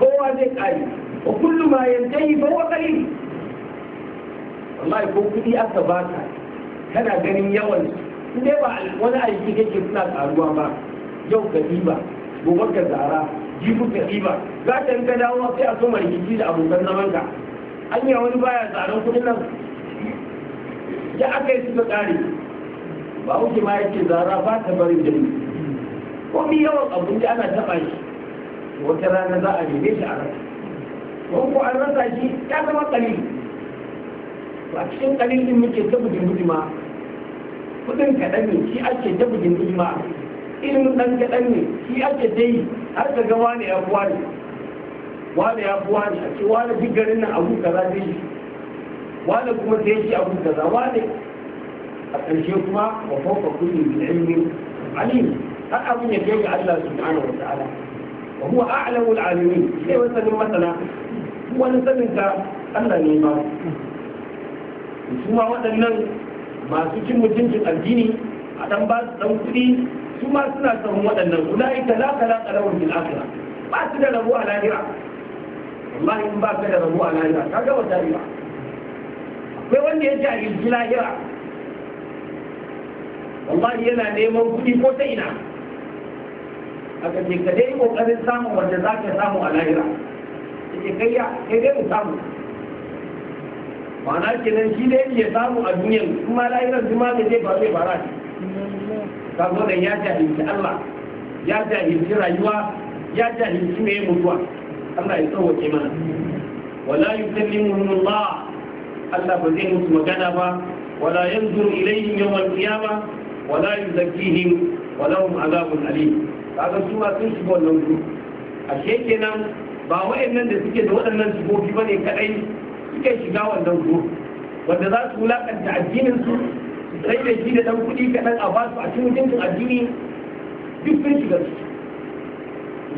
kowa zai kare wa kullu ma yantahi fa huwa kalil wallahi ko kudi aka baka kana ganin yawan in dai ba wani aiki kake suna karuwa ba yau ka ba gobe ka zara jibu ka ba za ta ka dawo sai a so rikici da abokan zaman ka an yi wani baya tsaron kudin nan ya aka yi suka kare ba uke ma yake zara ba ta barin jini ko mi yawan abun da ana taɓa shi wata rana za a neme shi a rasa ko ko an rasa shi ya zama kalili a cikin kalilin muke ta bujin ma kudin kaɗan ne shi ake ta bugin ima ilimin ɗan kaɗan ne shi ake dai yi har ka ga wani ya fuwa ne wani ya fuwa ne a ce wani duk garin nan abu kaza zai yi wani kuma sai shi abu kaza wani a ƙarshe kuma wa fauka kulli bil ilimin alim har abin ya kai ga Allah subhanahu wa ta'ala wa huwa a'lamu al alimin sai wani sanin masana wani sanin ka Allah ne ma su ma waɗannan masu cin mutuncin addini a dan ba su dan kuɗi su ma suna samun waɗannan ita la khalaqa lahum fil akhirah ba su da rabu a lahira wallahi in ba ka da rabu a lahira ka ga wata riba akwai wanda ya jahilci lahira wallahi yana neman kuɗi ko ta ina aka ce ka dai kokarin samun wanda za ka samu a lahira ke kai ya kai dai mu samu ma'ana kenan shi da yake samu a duniyar kuma lairar zuma da zai faru fara ne ka zo da ya jahilci Allah ya jahilci rayuwa ya jahilci mai mutuwa Allah ya ke mana wala yukallimuhum Allah Allah ba zai musu magana ba wala yanzuru ilayhim yawmal qiyama wala yuzakkihim wala hum azabun alim kaga su ma sun shiga wannan a ashe kenan ba wa'annan da suke da waɗannan sifofi bane kadai yi shiga wannan group wanda za su wulaƙanta addinin su sai da shi da ɗan kuɗi kaɗan a basu a cikin jinsin addini duk sun shiga su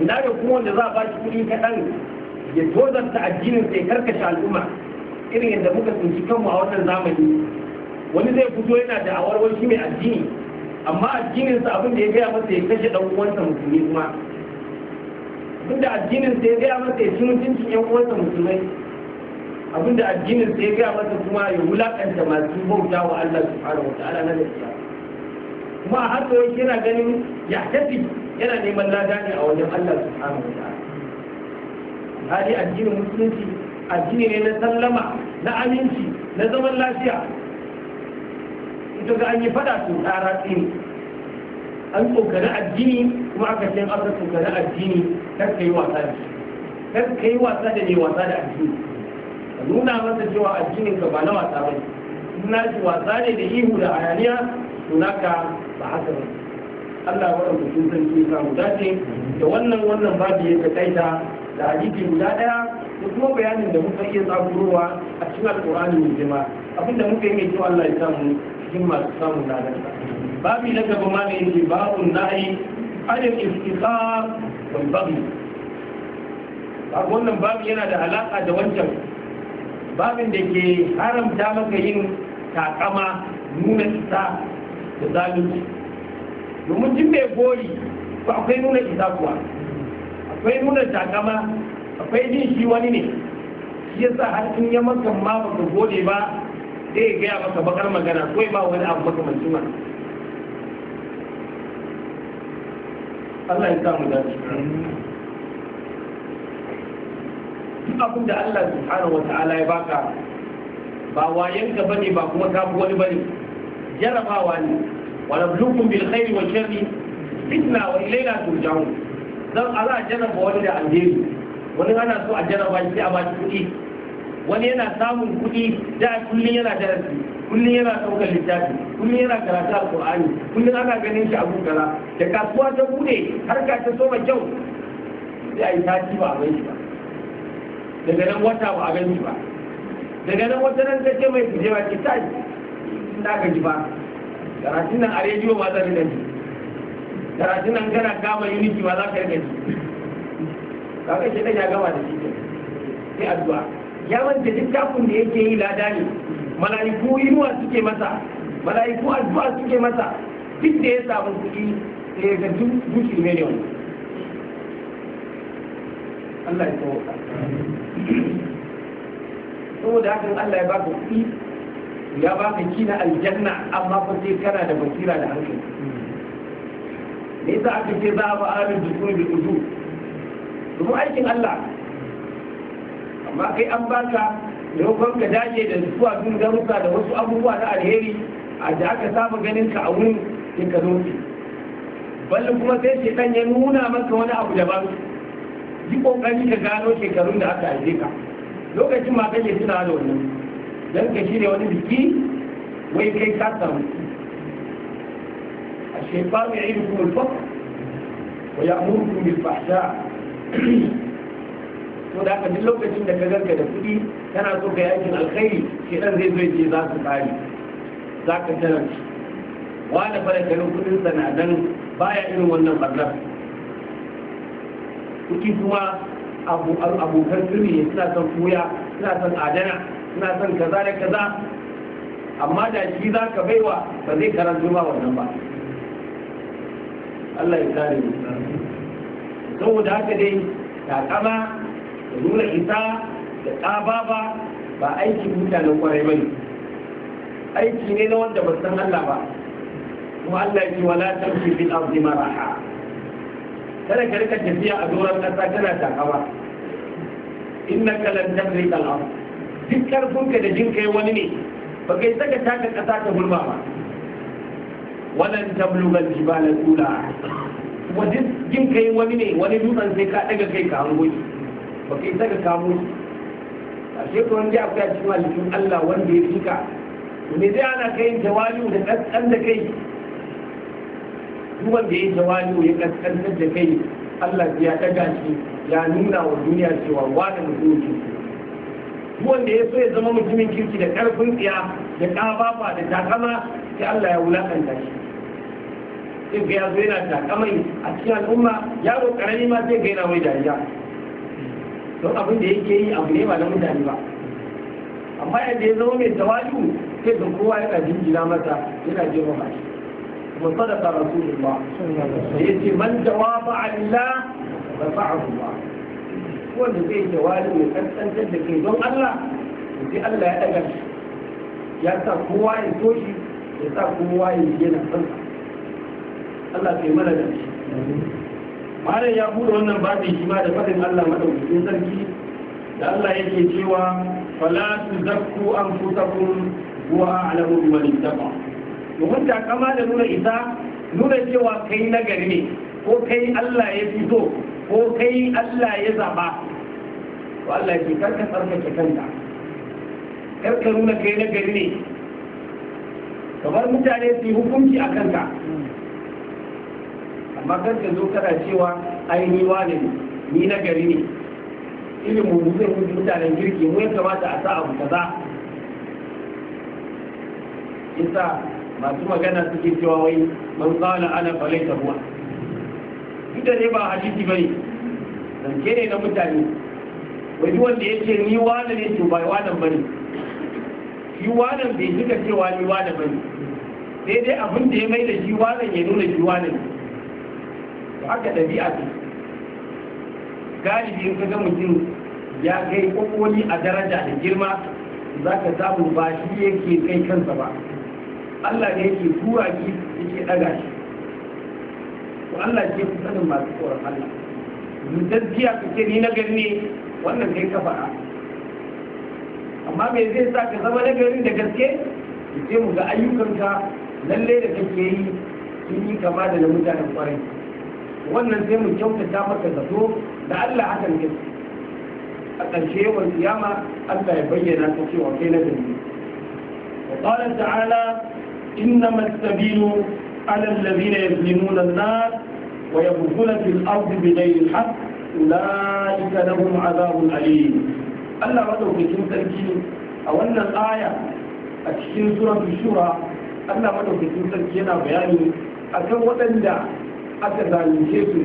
ina da kuma wanda za a shi kuɗi kaɗan ya tozanta addinin sai karkashe al'umma irin yadda muka tsinci kanmu a wannan zamani wani zai fito yana da awarwar shi mai addini amma addininsa abin da ya gaya masa ya kashe ɗan uwansa musulmi kuma abin da addinin addininsa ya gaya masa ya ci mutuncin yan uwansa musulmai abinda addinin sai gaya masa kuma ya wulakanta masu bauta wa Allah subhanahu wataala na gaskiya kuma a haka yake yana ganin ya tafi yana neman lada ne a wajen Allah subhanahu wataala hali addinin musulunci addini ne na sallama na aminci na zaman lafiya ita ga an yi fada to tsara tsini an tsokani addini kuma aka ce aka tsokani addini kar ka yi wasa da shi kar ka yi wasa da ne wasa da addini nuna masa cewa addinin ka ba na wasa ba na ji wasa ne da ihu da hayaniya to naka ba haka ba Allah wa rubutu sun san ki samu dace da wannan wannan babu ya ka kaita da hadisi guda daya da kuma bayanin da muka iya tsaburowa a cikin alkur'ani mai jima abinda muka yi mai kyau Allah ya samu cikin masu samun ladan babu na gaba ma ne yake babu na'i ayyar iskisa wal Babu wannan babu yana da alaka da wancan babin da ke haramta maka yin takama nuna isa da zalunci domin jin mai gori ko akwai nuna isa kuwa akwai nuna takama akwai jin shi wani ne shi sa har in ya maka ma baka gode ba zai gaya maka bakar magana ko ba wani abu makamancin wani Allah ya samu dace. abin da Allah subhanahu ta'ala ya baka ba wayanka bane ba kuma ka wani bane jarabawa ne wa nabluukum bil khairi wa sharri fitna wa ilayna turja'un dan ala jaraba wani da alheri wani ana so a jaraba shi a bashi kuɗi wani yana samun kuɗi da kullum yana darasi kullum yana saukar littafi kullum yana karatu alkur'ani kullum ana ganin shi a gugara da kasuwa ta bude harka ta soma kyau sai a yi tashi ba a bai shi ba daga nan wata ba a gani ba daga nan wata nan ta ce mai fije ba ki tashi na ji ba karatun nan a rediyo ba za ka gaji karatun nan kana gama yuniki ba za ka gaji kaga shi ya gama da shi sai addu'a ya manta kafin da yake yi lada ne mala'iku inuwa suke masa mala'iku addu'a suke masa duk da ya samu kuɗi sai ga duk duk ne Allah ya tsawo saboda haka Allah ya baka kuɗi ya baka kina aljanna amma ba sai kana da basira da hankali me yasa aka ce za a ba amin dukkan da udu domin aikin Allah amma kai an baka maimakon ka dace da zuwa sun garuka da wasu abubuwa na alheri a da aka saba ganin ka a wurin sai ka zo kuma sai shi ya nuna maka wani abu daban yi kokari ka gano shekarun da aka haife ka lokacin ma kake tuna da wannan dan ka shine wani biki wai kai ka samu a shekaru ya yi hukumar fakar wa ya murkun bil fahsha to da aka duk lokacin da ka garka da kuɗi kana so ka yakin alkhairi shi dan zai zo ya ce za su kare za ka tarar wani fara karin kuɗin sana baya irin wannan barnar kuki kuma abokan sirri ne suna son koya suna son adana suna son kaza da kaza amma da shi za ka baiwa ba zai karanta ba wannan ba Allah ya kare mu saboda haka dai ta kama da nuna isa da tsaba ba ba aikin mutanen kwarai mai. aiki ne na wanda ba san Allah ba kuma Allah ya ce wala tafi fil ardi maraha kada ka rika tafiya a doron ƙasa kana takawa innaka lan tabrika al duk karfinka da jin kai wani ne ba kai saka taka ƙasa ta gulma ba walan tabluga al-jibala al-ula wa duk jin kai wani ne wani dutsen sai ka daga kai ka hango shi ba kai saka kamo shi a shekaru wanda akwai a cikin Allah wanda ya fika to me zai ana kai tawali'u da ƙasƙan da kai duk wanda ya jawali ya kaskantar da kai Allah ya daga shi ya nuna wa duniya cewa wani mutum ne duk wanda ya so ya zama mutumin kirki da karfin tsiya da kafafa da takama sai Allah ya wulakanta shi sai ga yazo yana takamai a cikin al'umma yaro karami ma sai ga yana wai dariya don abin da yake yi abu ne ba na mutane ba amma yadda ya zama mai tawali'u sai ga kowa yana jinjina masa yana jefa ba shi وصدق رسول الله فيتي من تواضع لله رفعه الله wanda zai jawabi mai tsantsantar da ke don Allah sai Allah ya ɗaga shi ya sa kowa ya so ya sa kowa ya yana son Allah kai mana da shi Malam ya buɗe wannan babin shi ma da faɗin Allah madaukakin sarki da Allah yake cewa an tuzakku anfusakum huwa a'lamu wani ittaqa domin takama da nuna isa nuna cewa kai na gari ne ko kai Allah ya fito ko kai Allah ya zaba to Allah ke karka tsarkake kanka karka nuna kai na gari ne kamar mutane su yi hukunci a kanka amma karka zo kana cewa ainihi ne ni nagari ne ilimin mu zai mutu mutanen girki mu ya kamata a sa abu kaza isa masu magana suke cewa wai man tsala ana falai da ruwa ita ne ba hadisi ba ne zanke ne na mutane wani wanda ya ce ni wane ne to bai wanan ba ne shi wanan bai jika cewa ni wada ba ne sai dai abin da ya mai da shi wanan ya nuna shi wanan to haka ɗabi'a ce galibi in ka ga mutum ya kai kokoli a daraja da girma za ka samu ba shi yake kai kansa ba Allah ne yake tura ki yake daga shi to Allah ke ku sanin masu tsoron Allah gaskiya ka ce ni na gani wannan kai ka faɗa amma me zai sa ka zama na garin da gaske ki ce mu ga ayyukanka lalle da kake yi sun yi kama da na mutanen kwarai wannan sai mu kyautata maka zato da Allah hakan gaske a ƙarshe yawan kiyama Allah ya bayyana ta cewa kai na gani وقال تعالى إنما السبيل على الذين يظلمون الناس ويبغون في الأرض بغير الحق أولئك لهم عذاب أليم الله ولو في كم تركين أو أن الآية أتشين سورة الشورى الله ولو في كم تركين بياني أكم وتندع أكذا ينشيسوا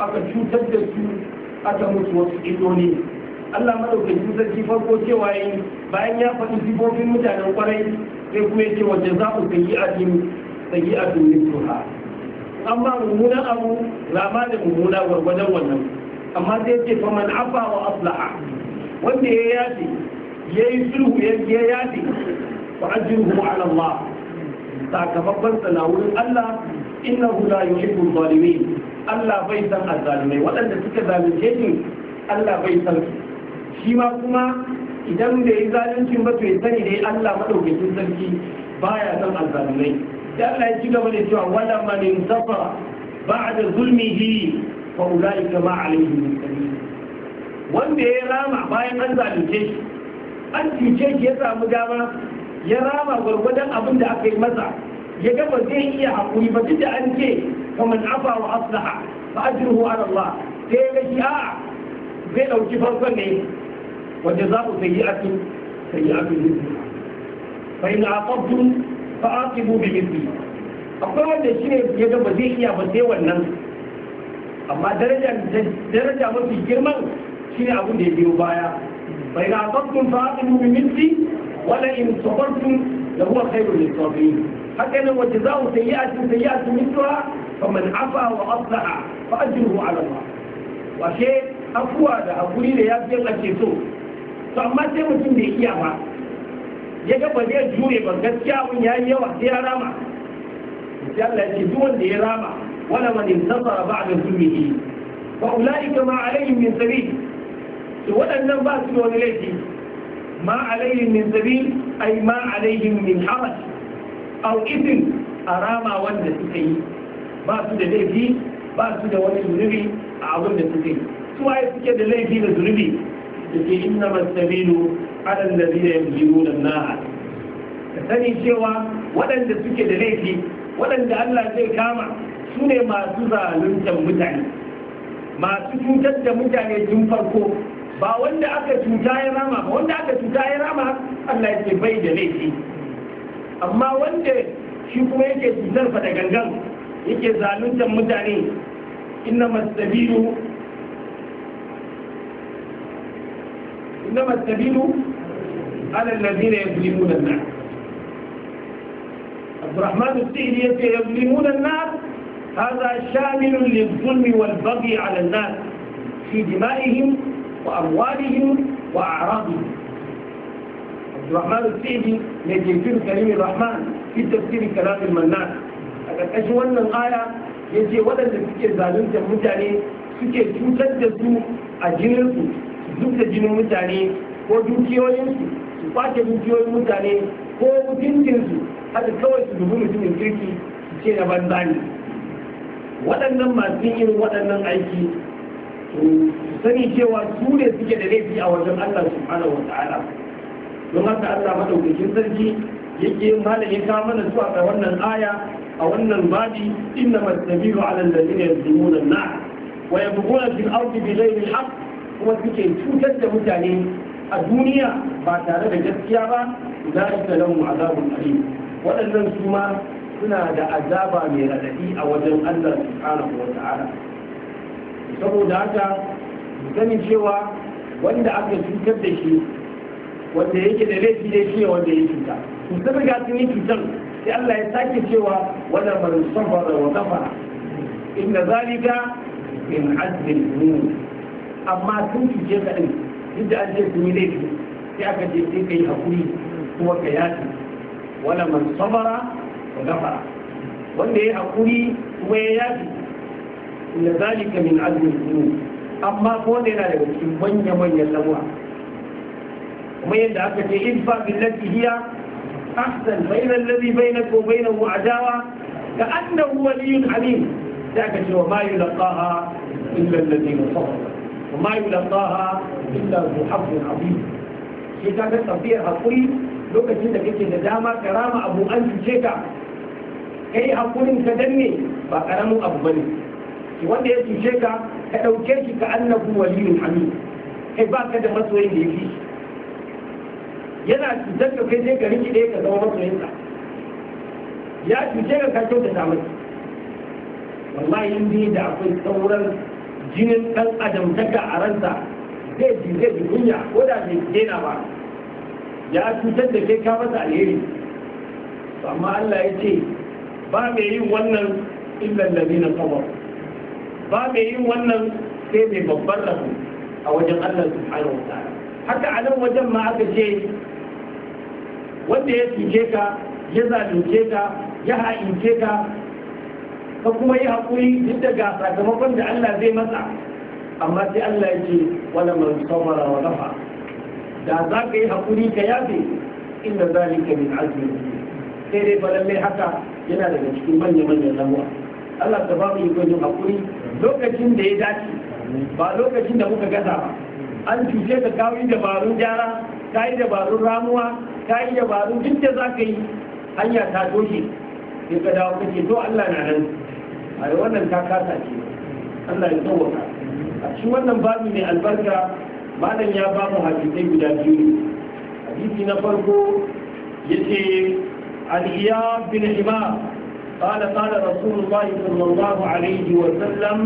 أكشو تدسوا أكمس وسعدوني Allah madaukakin sarki farko cewa yi bayan ya faɗi sifofin mutanen kwarai sai kuma yake wa jaza'u sayyi'atin sayyi'atun mithluha amma mummunan abu rama da mummuna gwargwadon wannan amma sai ce fa man wa aslaha wanda ya ya yi sulhu ya yafi fa ajruhu ala Allah sakamakon sa na wurin Allah innahu la yuhibbu zalimin Allah bai san azzalimai waɗanda suka zalunce ni Allah bai san shi ma kuma idan bai yi zaluncin ba to ya sani yi Allah madaukakin sarki baya son azzalumai da Allah ya ci gaba da cewa wala man insafa ba'da zulmihi fa ulaika ma alayhi wanda ya rama bayan an zalunce shi an cuce shi ya samu dama ya rama gwargwadon abin da aka yi masa ya gaba zai iya hakuri ba duk da an ce fa man afa wa aslaha fa ajruhu ala Allah sai ya ga shi a zai ɗauki farkon ne وجزاء سيئة سيئة مثلها فإن عاقبتم فعاقبوا بمثلها أقول هذا الشيء يجب مزيحيا بسيء والنم أما درجة درجة في كرما شيء أقول لي بيوبايا فإن عاقبتم فعاقبوا بمثلي ولئن صبرتم لهو خير للصابرين حتى أنه وجزاء سيئة سيئة مثلها فمن عفا وأصلح فأجره على الله وشيء أفوا هذا أقول لي يا بيالله كيسوه to amma sai mutum bai iya ba ya ga ba zai jure ba gaskiya abin ya yi yawa sai ya rama sai Allah ya ce duk wanda ya rama wala man intasara ba'da zulmihi fa ulaika ma alaihim min sabil to waɗannan ba su da wani laifi ma alaihim min sabil ay ma alaihim min haraj aw ithm arama wanda suka yi ba su da laifi ba su da wani zunubi a abin da suka yi su waye suke da laifi da zunubi suke inna masabilu alal ladina yajiruna na'a nar ka sani cewa waɗanda suke da laifi waɗanda Allah zai kama su ne masu zaluntar mutane masu cutar da mutane tun farko ba wanda aka cuta ya rama ba wanda aka cuta ya rama Allah yake bai da laifi amma wanda shi kuma yake cutar fa da gangan yake zaluntar mutane inna masabilu إنما السبيل على الذين يظلمون الناس عبد الرحمن السهلي يظلمون الناس هذا شامل للظلم والبغي على الناس في دمائهم وأموالهم وأعراضهم عبد الرحمن السعدي من تفسير كريم الرحمن في تفسير كلام المنان a ƙarƙashin wannan aya ya ce waɗanda suke zalunta mutane suke cutar duk da jinin mutane ko dukiyoyinsu su kwace dukiyoyin mutane ko mutuncinsu haka kawai su dubu mutumin kirki su ce na banza ne waɗannan masu irin waɗannan aiki su sani cewa su ne suke da laifi a wajen Allah ana wa ta'ala don haka Allah madaukakin sarki yake mana ya ta mana su a wannan aya a wannan babi inna masabiru ala alladhina yazlimuna an-nas wa yabghuna fil ardi bighayri al-haqq kuma suke cutar da mutane a duniya ba tare da gaskiya ba za a ta lahum azabun alim waɗannan su ma suna da azaba mai raɗaɗi a wajen Allah subhanahu wa ta'ala saboda haka sanin cewa wanda aka cutar da shi wanda yake da laifi da shi wanda ya cuta cutar riga sun yi cutar sai Allah ya sake cewa wannan marin sabara wa kafara inda zalika min azmin amma sun cuce ka din duk da an ce sun yi laifi sai aka je sai ka yi hakuri kuma ka yafi wala man sabara wa gafara wanda ya hakuri kuma ya yafi inna zalika min azmi al amma ko da yana daga cikin manya manyan lamura kuma yadda aka ce idfa billati hiya ahsan fa idza alladhi bainaka wa bainahu adawa ka annahu waliyyun alim da aka ce wa ma yulqaha illa alladhina sabaru وما يلقاها إلا ذو حظ عظيم shi ta ga tafiyar haƙuri lokacin da kake da dama ka abu an cuce ka kai haƙurin ka danne ba ƙaramin abu bane wanda ya cuce ka ka ɗauke shi ka annabu waliyun amin kai ba ka da masoyin da ya fi yana cutar ka kai sai ka ɗaya ka zama masoyinsa ya cuce ka ka kyauta ta masa wallahi in da akwai sauran jinin ɗan adam daga a ransa zai ji zai ji kunya ko da bai daina ba ya cutar da kai ka masa alheri amma Allah ya ce ba mai yin wannan illan da na kawar ba mai yin wannan sai mai babbar rabu a wajen Allah subhanahu wa ta'ala haka a nan wajen ma aka ce wanda ya cuce ka ya zalunce ka ya ha'ince ka ka kuma yi haƙuri duk da ga sakamakon da Allah zai matsa amma sai Allah ya ce wala man sabara wa nafa da za ka yi haƙuri ka yafe inda zalika min azmi sai dai falalle haka yana daga cikin manya manyan lamuwa Allah ta ba mu yi gwajin haƙuri lokacin da ya dace ba lokacin da muka gaza ba an cuce ka kawo dabarun gyara ka yi dabarun ramuwa ka yi dabarun duk da za ka yi hanya ta toshe sai ka dawo kake to Allah na nan a wannan ta kasa ce Allah ya tsawaka a cikin wannan babu mai albarka malam ya ba mu hadisai guda biyu hadisi na farko yace al-iyab bin himar قال قال رسول الله صلى الله عليه وسلم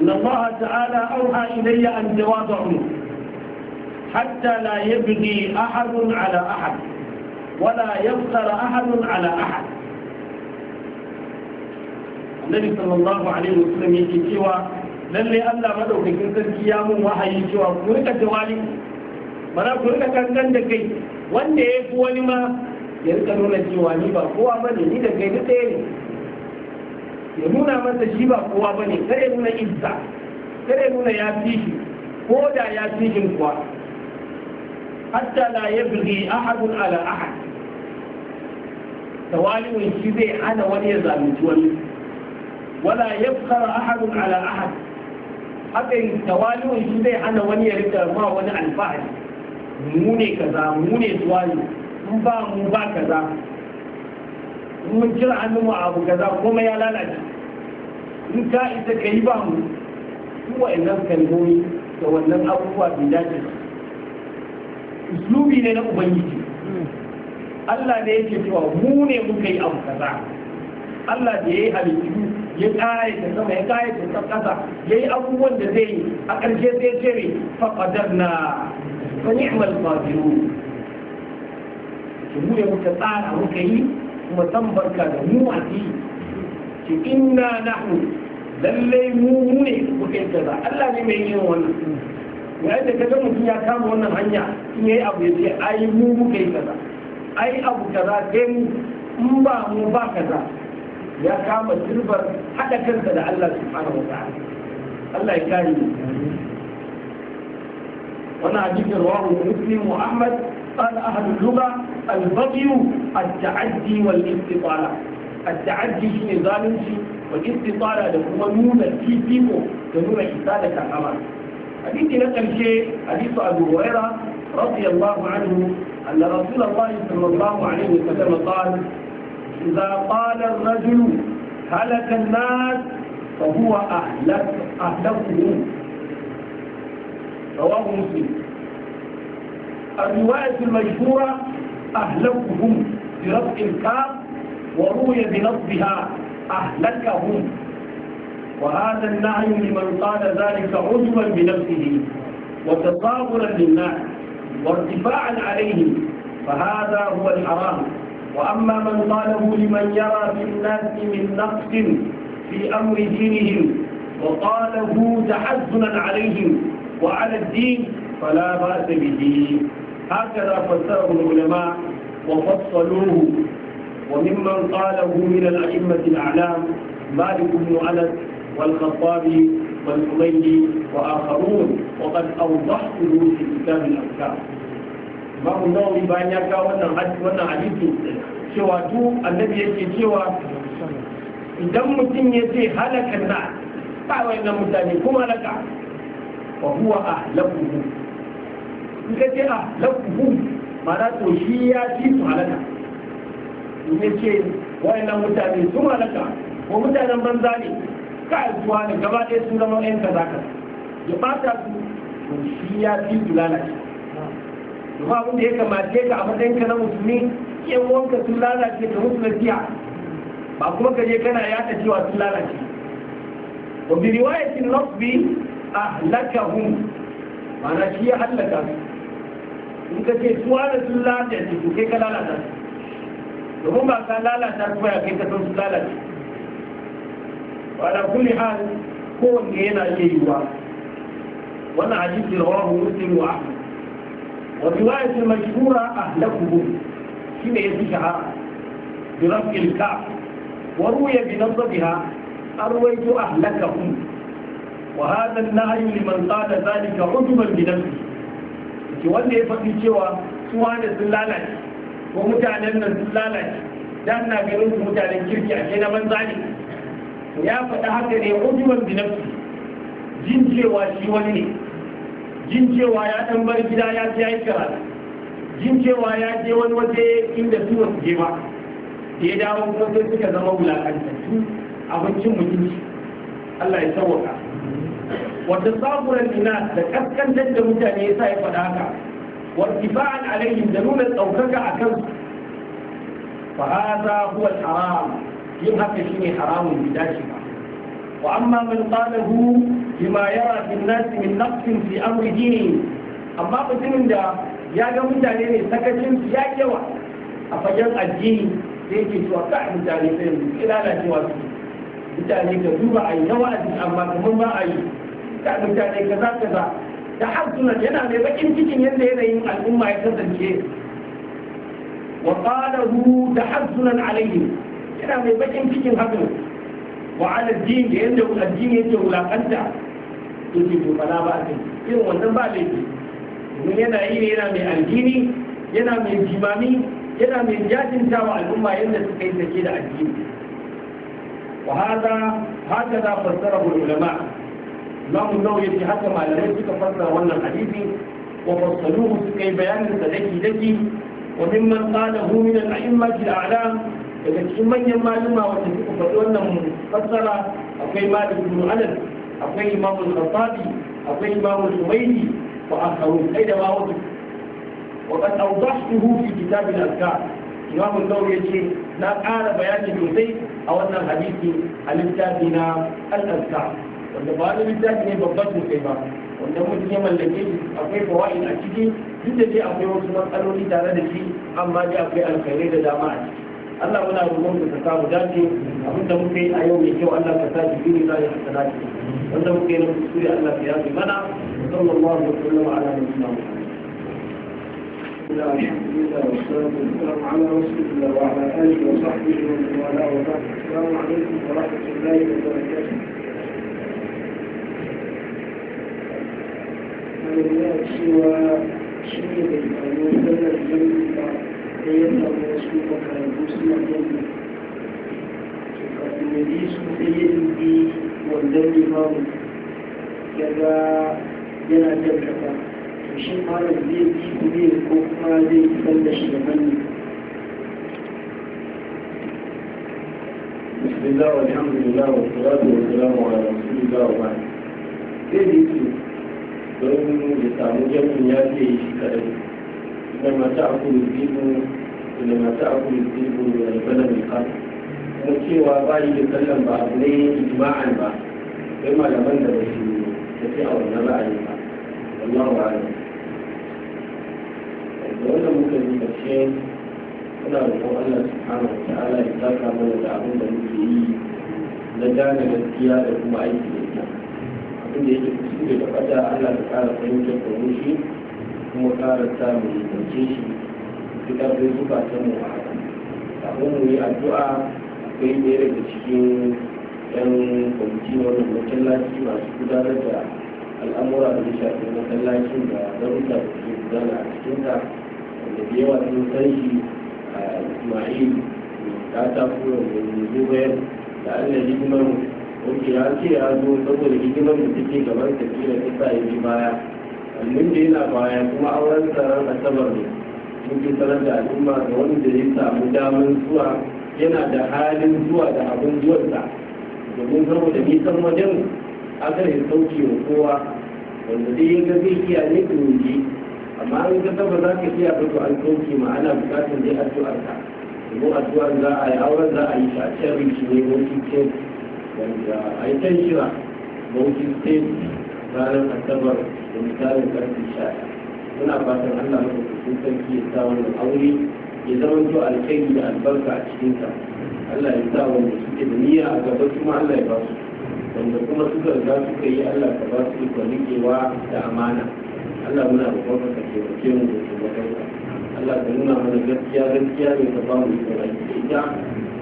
إن الله تعالى أوحى إلي أن تواضعوا حتى لا يبغي أحد على أحد ولا يفخر أحد على أحد annabi sallallahu alaihi wasallam yake cewa lalle Allah madaukakin sarki ya mun wahayi cewa ku rika jawali bara ku rika kankan da kai wanda ya fi wani ma ya rika nuna cewa ni ba kowa bane ni da kai duk ne ya nuna masa shi ba kowa bane kare nuna izza kare nuna ya fi shi ko da ya fi shi kuwa hatta la yabghi ahadun ala ahad tawali'un shi zai hana wani ya zalunci wani wala yabkar ahadun ala ahad hakan tawali'un shi zai hana wani ya rika ma wani alfahari mu ne kaza mu ne tuwali in ba mu ba kaza in mun jira hannun mu abu kaza kuma ya lalace in ka isa ka yi ba mu su wa'annan kalmomi da wannan abubuwa bai dace ba uslubi ne na ubangiji Allah ne yake cewa mu ne muka yi abu kaza Allah da ya yi halittu ya kare da sama ya kare da kasa yi abubuwan da zai yi a ƙarshe sai ce mai faɗaɗar na sani amal fadiru ki mu muka tsara muka yi kuma tambarka da mu a ci ki inna hu lallai mu mu ne muka yi kaza Allah ne mai yin wannan yayin da kaga mutum ya kama wannan hanya in yi abu ya ce ayi mu muka yi kaza ayi abu kaza sai mu in ba mu ba kaza يا كامل jirbar حتى kansa da سبحانه وتعالى wa ta'ala وانا ya kare مسلم wannan قال أهل اللغة البغي التعدي والاستطالة التعدي شيء ظالمشي والاستطالة لكم نون التيبيكو لنون إسالة الأمر حديث نقل شيء حديث أبو هريرة رضي الله عنه أن رسول الله صلى الله عليه وسلم قال إذا قال الرجل هلك الناس فهو أهلك أهلكه رواه مسلم الرواية المشهورة أهلكهم برفع الكاف وروي بنصبها أهلكهم وهذا النهي لمن قال ذلك عجبا بنفسه وتصابرا للناس وارتفاعا عليهم فهذا هو الحرام وأما من قاله لمن يرى في الناس من نقص في أمر دينهم وقاله تحزنا عليهم وعلى الدين فلا بأس به هكذا فسره العلماء وفصلوه وممن قاله من الأئمة الأعلام مالك بن أنس والخطاب والحميدي وآخرون وقد أوضحته في كتاب الأفكار babu nauyi bayan ya kawo wannan hadisi wannan hadisi cewa duk annabi yake cewa idan mutum ya ce halaka na ba nan mutane kuma halaka wa huwa ahlakuhu in ka ce ahlakuhu mana to shi ya ci su halaka in ya ce nan mutane su halaka ko mutanen banza ne ka zuwa ne gaba ɗaya sun zama yan kaza ya ɓata su to shi ya ci su lalace kuma abin da ya kamace ka a matsayin ka na musulmi yan wanka sun lalace ka na siya ba kuma ka je kana yaɗa cewa sun lalace wa bi riwayatin nasbi ahlakahum mana shi ya hallaka su in ka ce suwa da sun lalace su kai ka lalata su domin ba ka lalata su ba ya kai ka san su lalace ba da kulli hal kowanne yana iya yiwuwa wannan hadisi rawahu muslim wa ahmad والرواية المشهورة أهلكهم فيما يتشهر برفع الكعب وروي بنصبها أرويت أهلكهم وهذا النهي لمن قال ذلك عجبا بنفسه ki wanda ya faɗi cewa su wani sun lalace ko mutanen nan sun lalace dan na ganin su mutanen kirki a na banza ne ya faɗi haka ne ujuban binafsi jin cewa shi wani ne jin cewa ya dan bar gida ya ce ya yi karatu jin cewa ya je wani waje inda su wasu je ba ya dawo kuma sai suka zama wulakantattu abincin mutunci Allah ya sauwaka wata sabuwar ina da kaskantar da mutane ya sa ya faɗa haka wartifa'an alaihim da nuna ɗaukaka a kansu fa hadha huwa haram yin haka shine haramun bi dace ba wa amma man qalahu bima yara fi nasi min nafsin fi amri dini amma mutumin da ya ga mutane ne sakacin su ya yawa a fagen addini sai ke cewa ka mutane sai mu lalacewa su mutane ka duba a yawa a amma kamar ba a yi ka mutane kaza kaza da har yana mai bakin cikin yadda yanayin al'umma ya kasance wa qalahu da har sunan alayhi yana mai bakin cikin hakan wa ala da yadda addini yake wulakanta to ce to ba kai irin wannan ba laifi domin yana yi ne yana mai aljini yana mai jimami yana mai jajinta wa al'umma yadda suka yi take da addini wa hada haka za fassara ulama imamu nawawi yace haka malamai suka fassara wannan hadisi wa fassaluhu suka bayanin sa daki daki وممن قاله من الأئمة الأعلام daga cikin manyan malama wanda suka faɗi wannan fassara akwai malik ibn akwai imamu al-khattabi akwai imamu al wa akharu kai da ma wasu wa qad awdahtuhu fi kitab al-azkar imam an-nawawi yace na ƙara bayani sosai a wannan hadisi a littafi na al-azkar wanda ba da littafi ne babban sosai ba wanda mutum ya mallake shi akwai fawa'id a ciki duk da dai akwai wasu matsaloli tare da shi amma dai akwai alkhairai da dama a ciki Allah muna roƙon ka ka dace abin da muka yi a yau mai kyau Allah ka sa ji ne zai ka dace wanda muka yi na kuskure Allah ya yi mana sallallahu alaihi wa sallam ala nabiyina إلى الحمد لله والصلاة والسلام على رسول الله وعلى آله وصحبه ومن والاه وبعد السلام عليكم ورحمة الله وبركاته. أنا سوى شيء من المسلمين termo apenas culpa para a indústria ambiental. Primeiro, ele de wannan limamu ya ga yana tattaka to shi malam zai bi ku ne ko kuma zai isar da shi da manni بسم الله والحمد لله والصلاة والسلام على رسول الله وبعد. إيه دي لو يسامو جمع ياتي كذا لما تأكل الذئب لما تأكل الذئب من البلد القاتل kuma cewa ba yi da sallan ba abu ne ijma'an ba sai malaman da ba su tafi a wannan ra'ayi ba wallahu a'lam da wannan muka yi karshe muna Allah subhanahu ta'ala ya saka mana da abin da muke yi na gane gaskiya da kuma da da da Allah ya ƙara fahimtar da kuma ƙara samun ya ɗauke shi duk abin zuba ta mu a kafin mu yi addu'a akwai ɗaya daga cikin yan kwamiti na wannan masallaci masu gudanar da al'amura da shafi masallacin da zaruta da ke gudana a cikin ta wanda da yawa sun san shi a ismail ta ta tafi wanda ne zubayar da allah hidimar mu wanda ya ce ya zo saboda hikimar da take gaban tafiya ta sa yi baya mun da yana baya kuma auren tsaron asabar ne mun fi da al'umma da da ya samu damar zuwa yana da halin zuwa da abin zuwansa domin saboda nisan wajen aka yi sauke wa kowa wanda dai yi ga iya ne ku yi amma an ka saba za ka iya fito an sauke ma ana bukatar dai addu'arka domin addu'ar za a yi auren za a yi shi rikici ne mafi kyau wanda a yi can shira mafi state ranar asabar da misalin karfe sha muna fatan allah maɗaukakin sarki ya sa wannan aure ya zama zuwa alkhairi da albarka a cikinsa allah ya sa wanda suke da niyya a gaba kuma allah ya ba su wanda kuma suka riga suka yi allah ka ba su ikon riƙewa da amana allah muna roƙon ka taimake mu da taimakonka allah ka nuna mana gaskiya gaskiya ne ka ba mu ikon aiki ita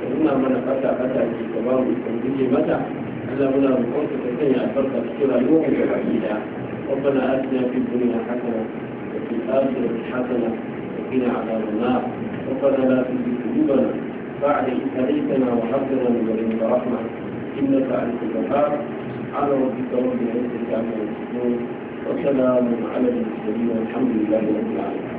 ka nuna mana fata fata ne ka ba mu ikon guje mata Allah muna roƙon ka sanya albarka cikin rayuwar mu da baki ربنا آتنا في الدنيا حسنة وفي الآخرة حسنة وقنا عذاب النار ربنا لا تزغ قلوبنا بعد إذ هديتنا وهب لنا من لدنك رحمة إنك أنت الوهاب على ربك رب العزة عما يصفون وسلام على المرسلين والحمد لله رب العالمين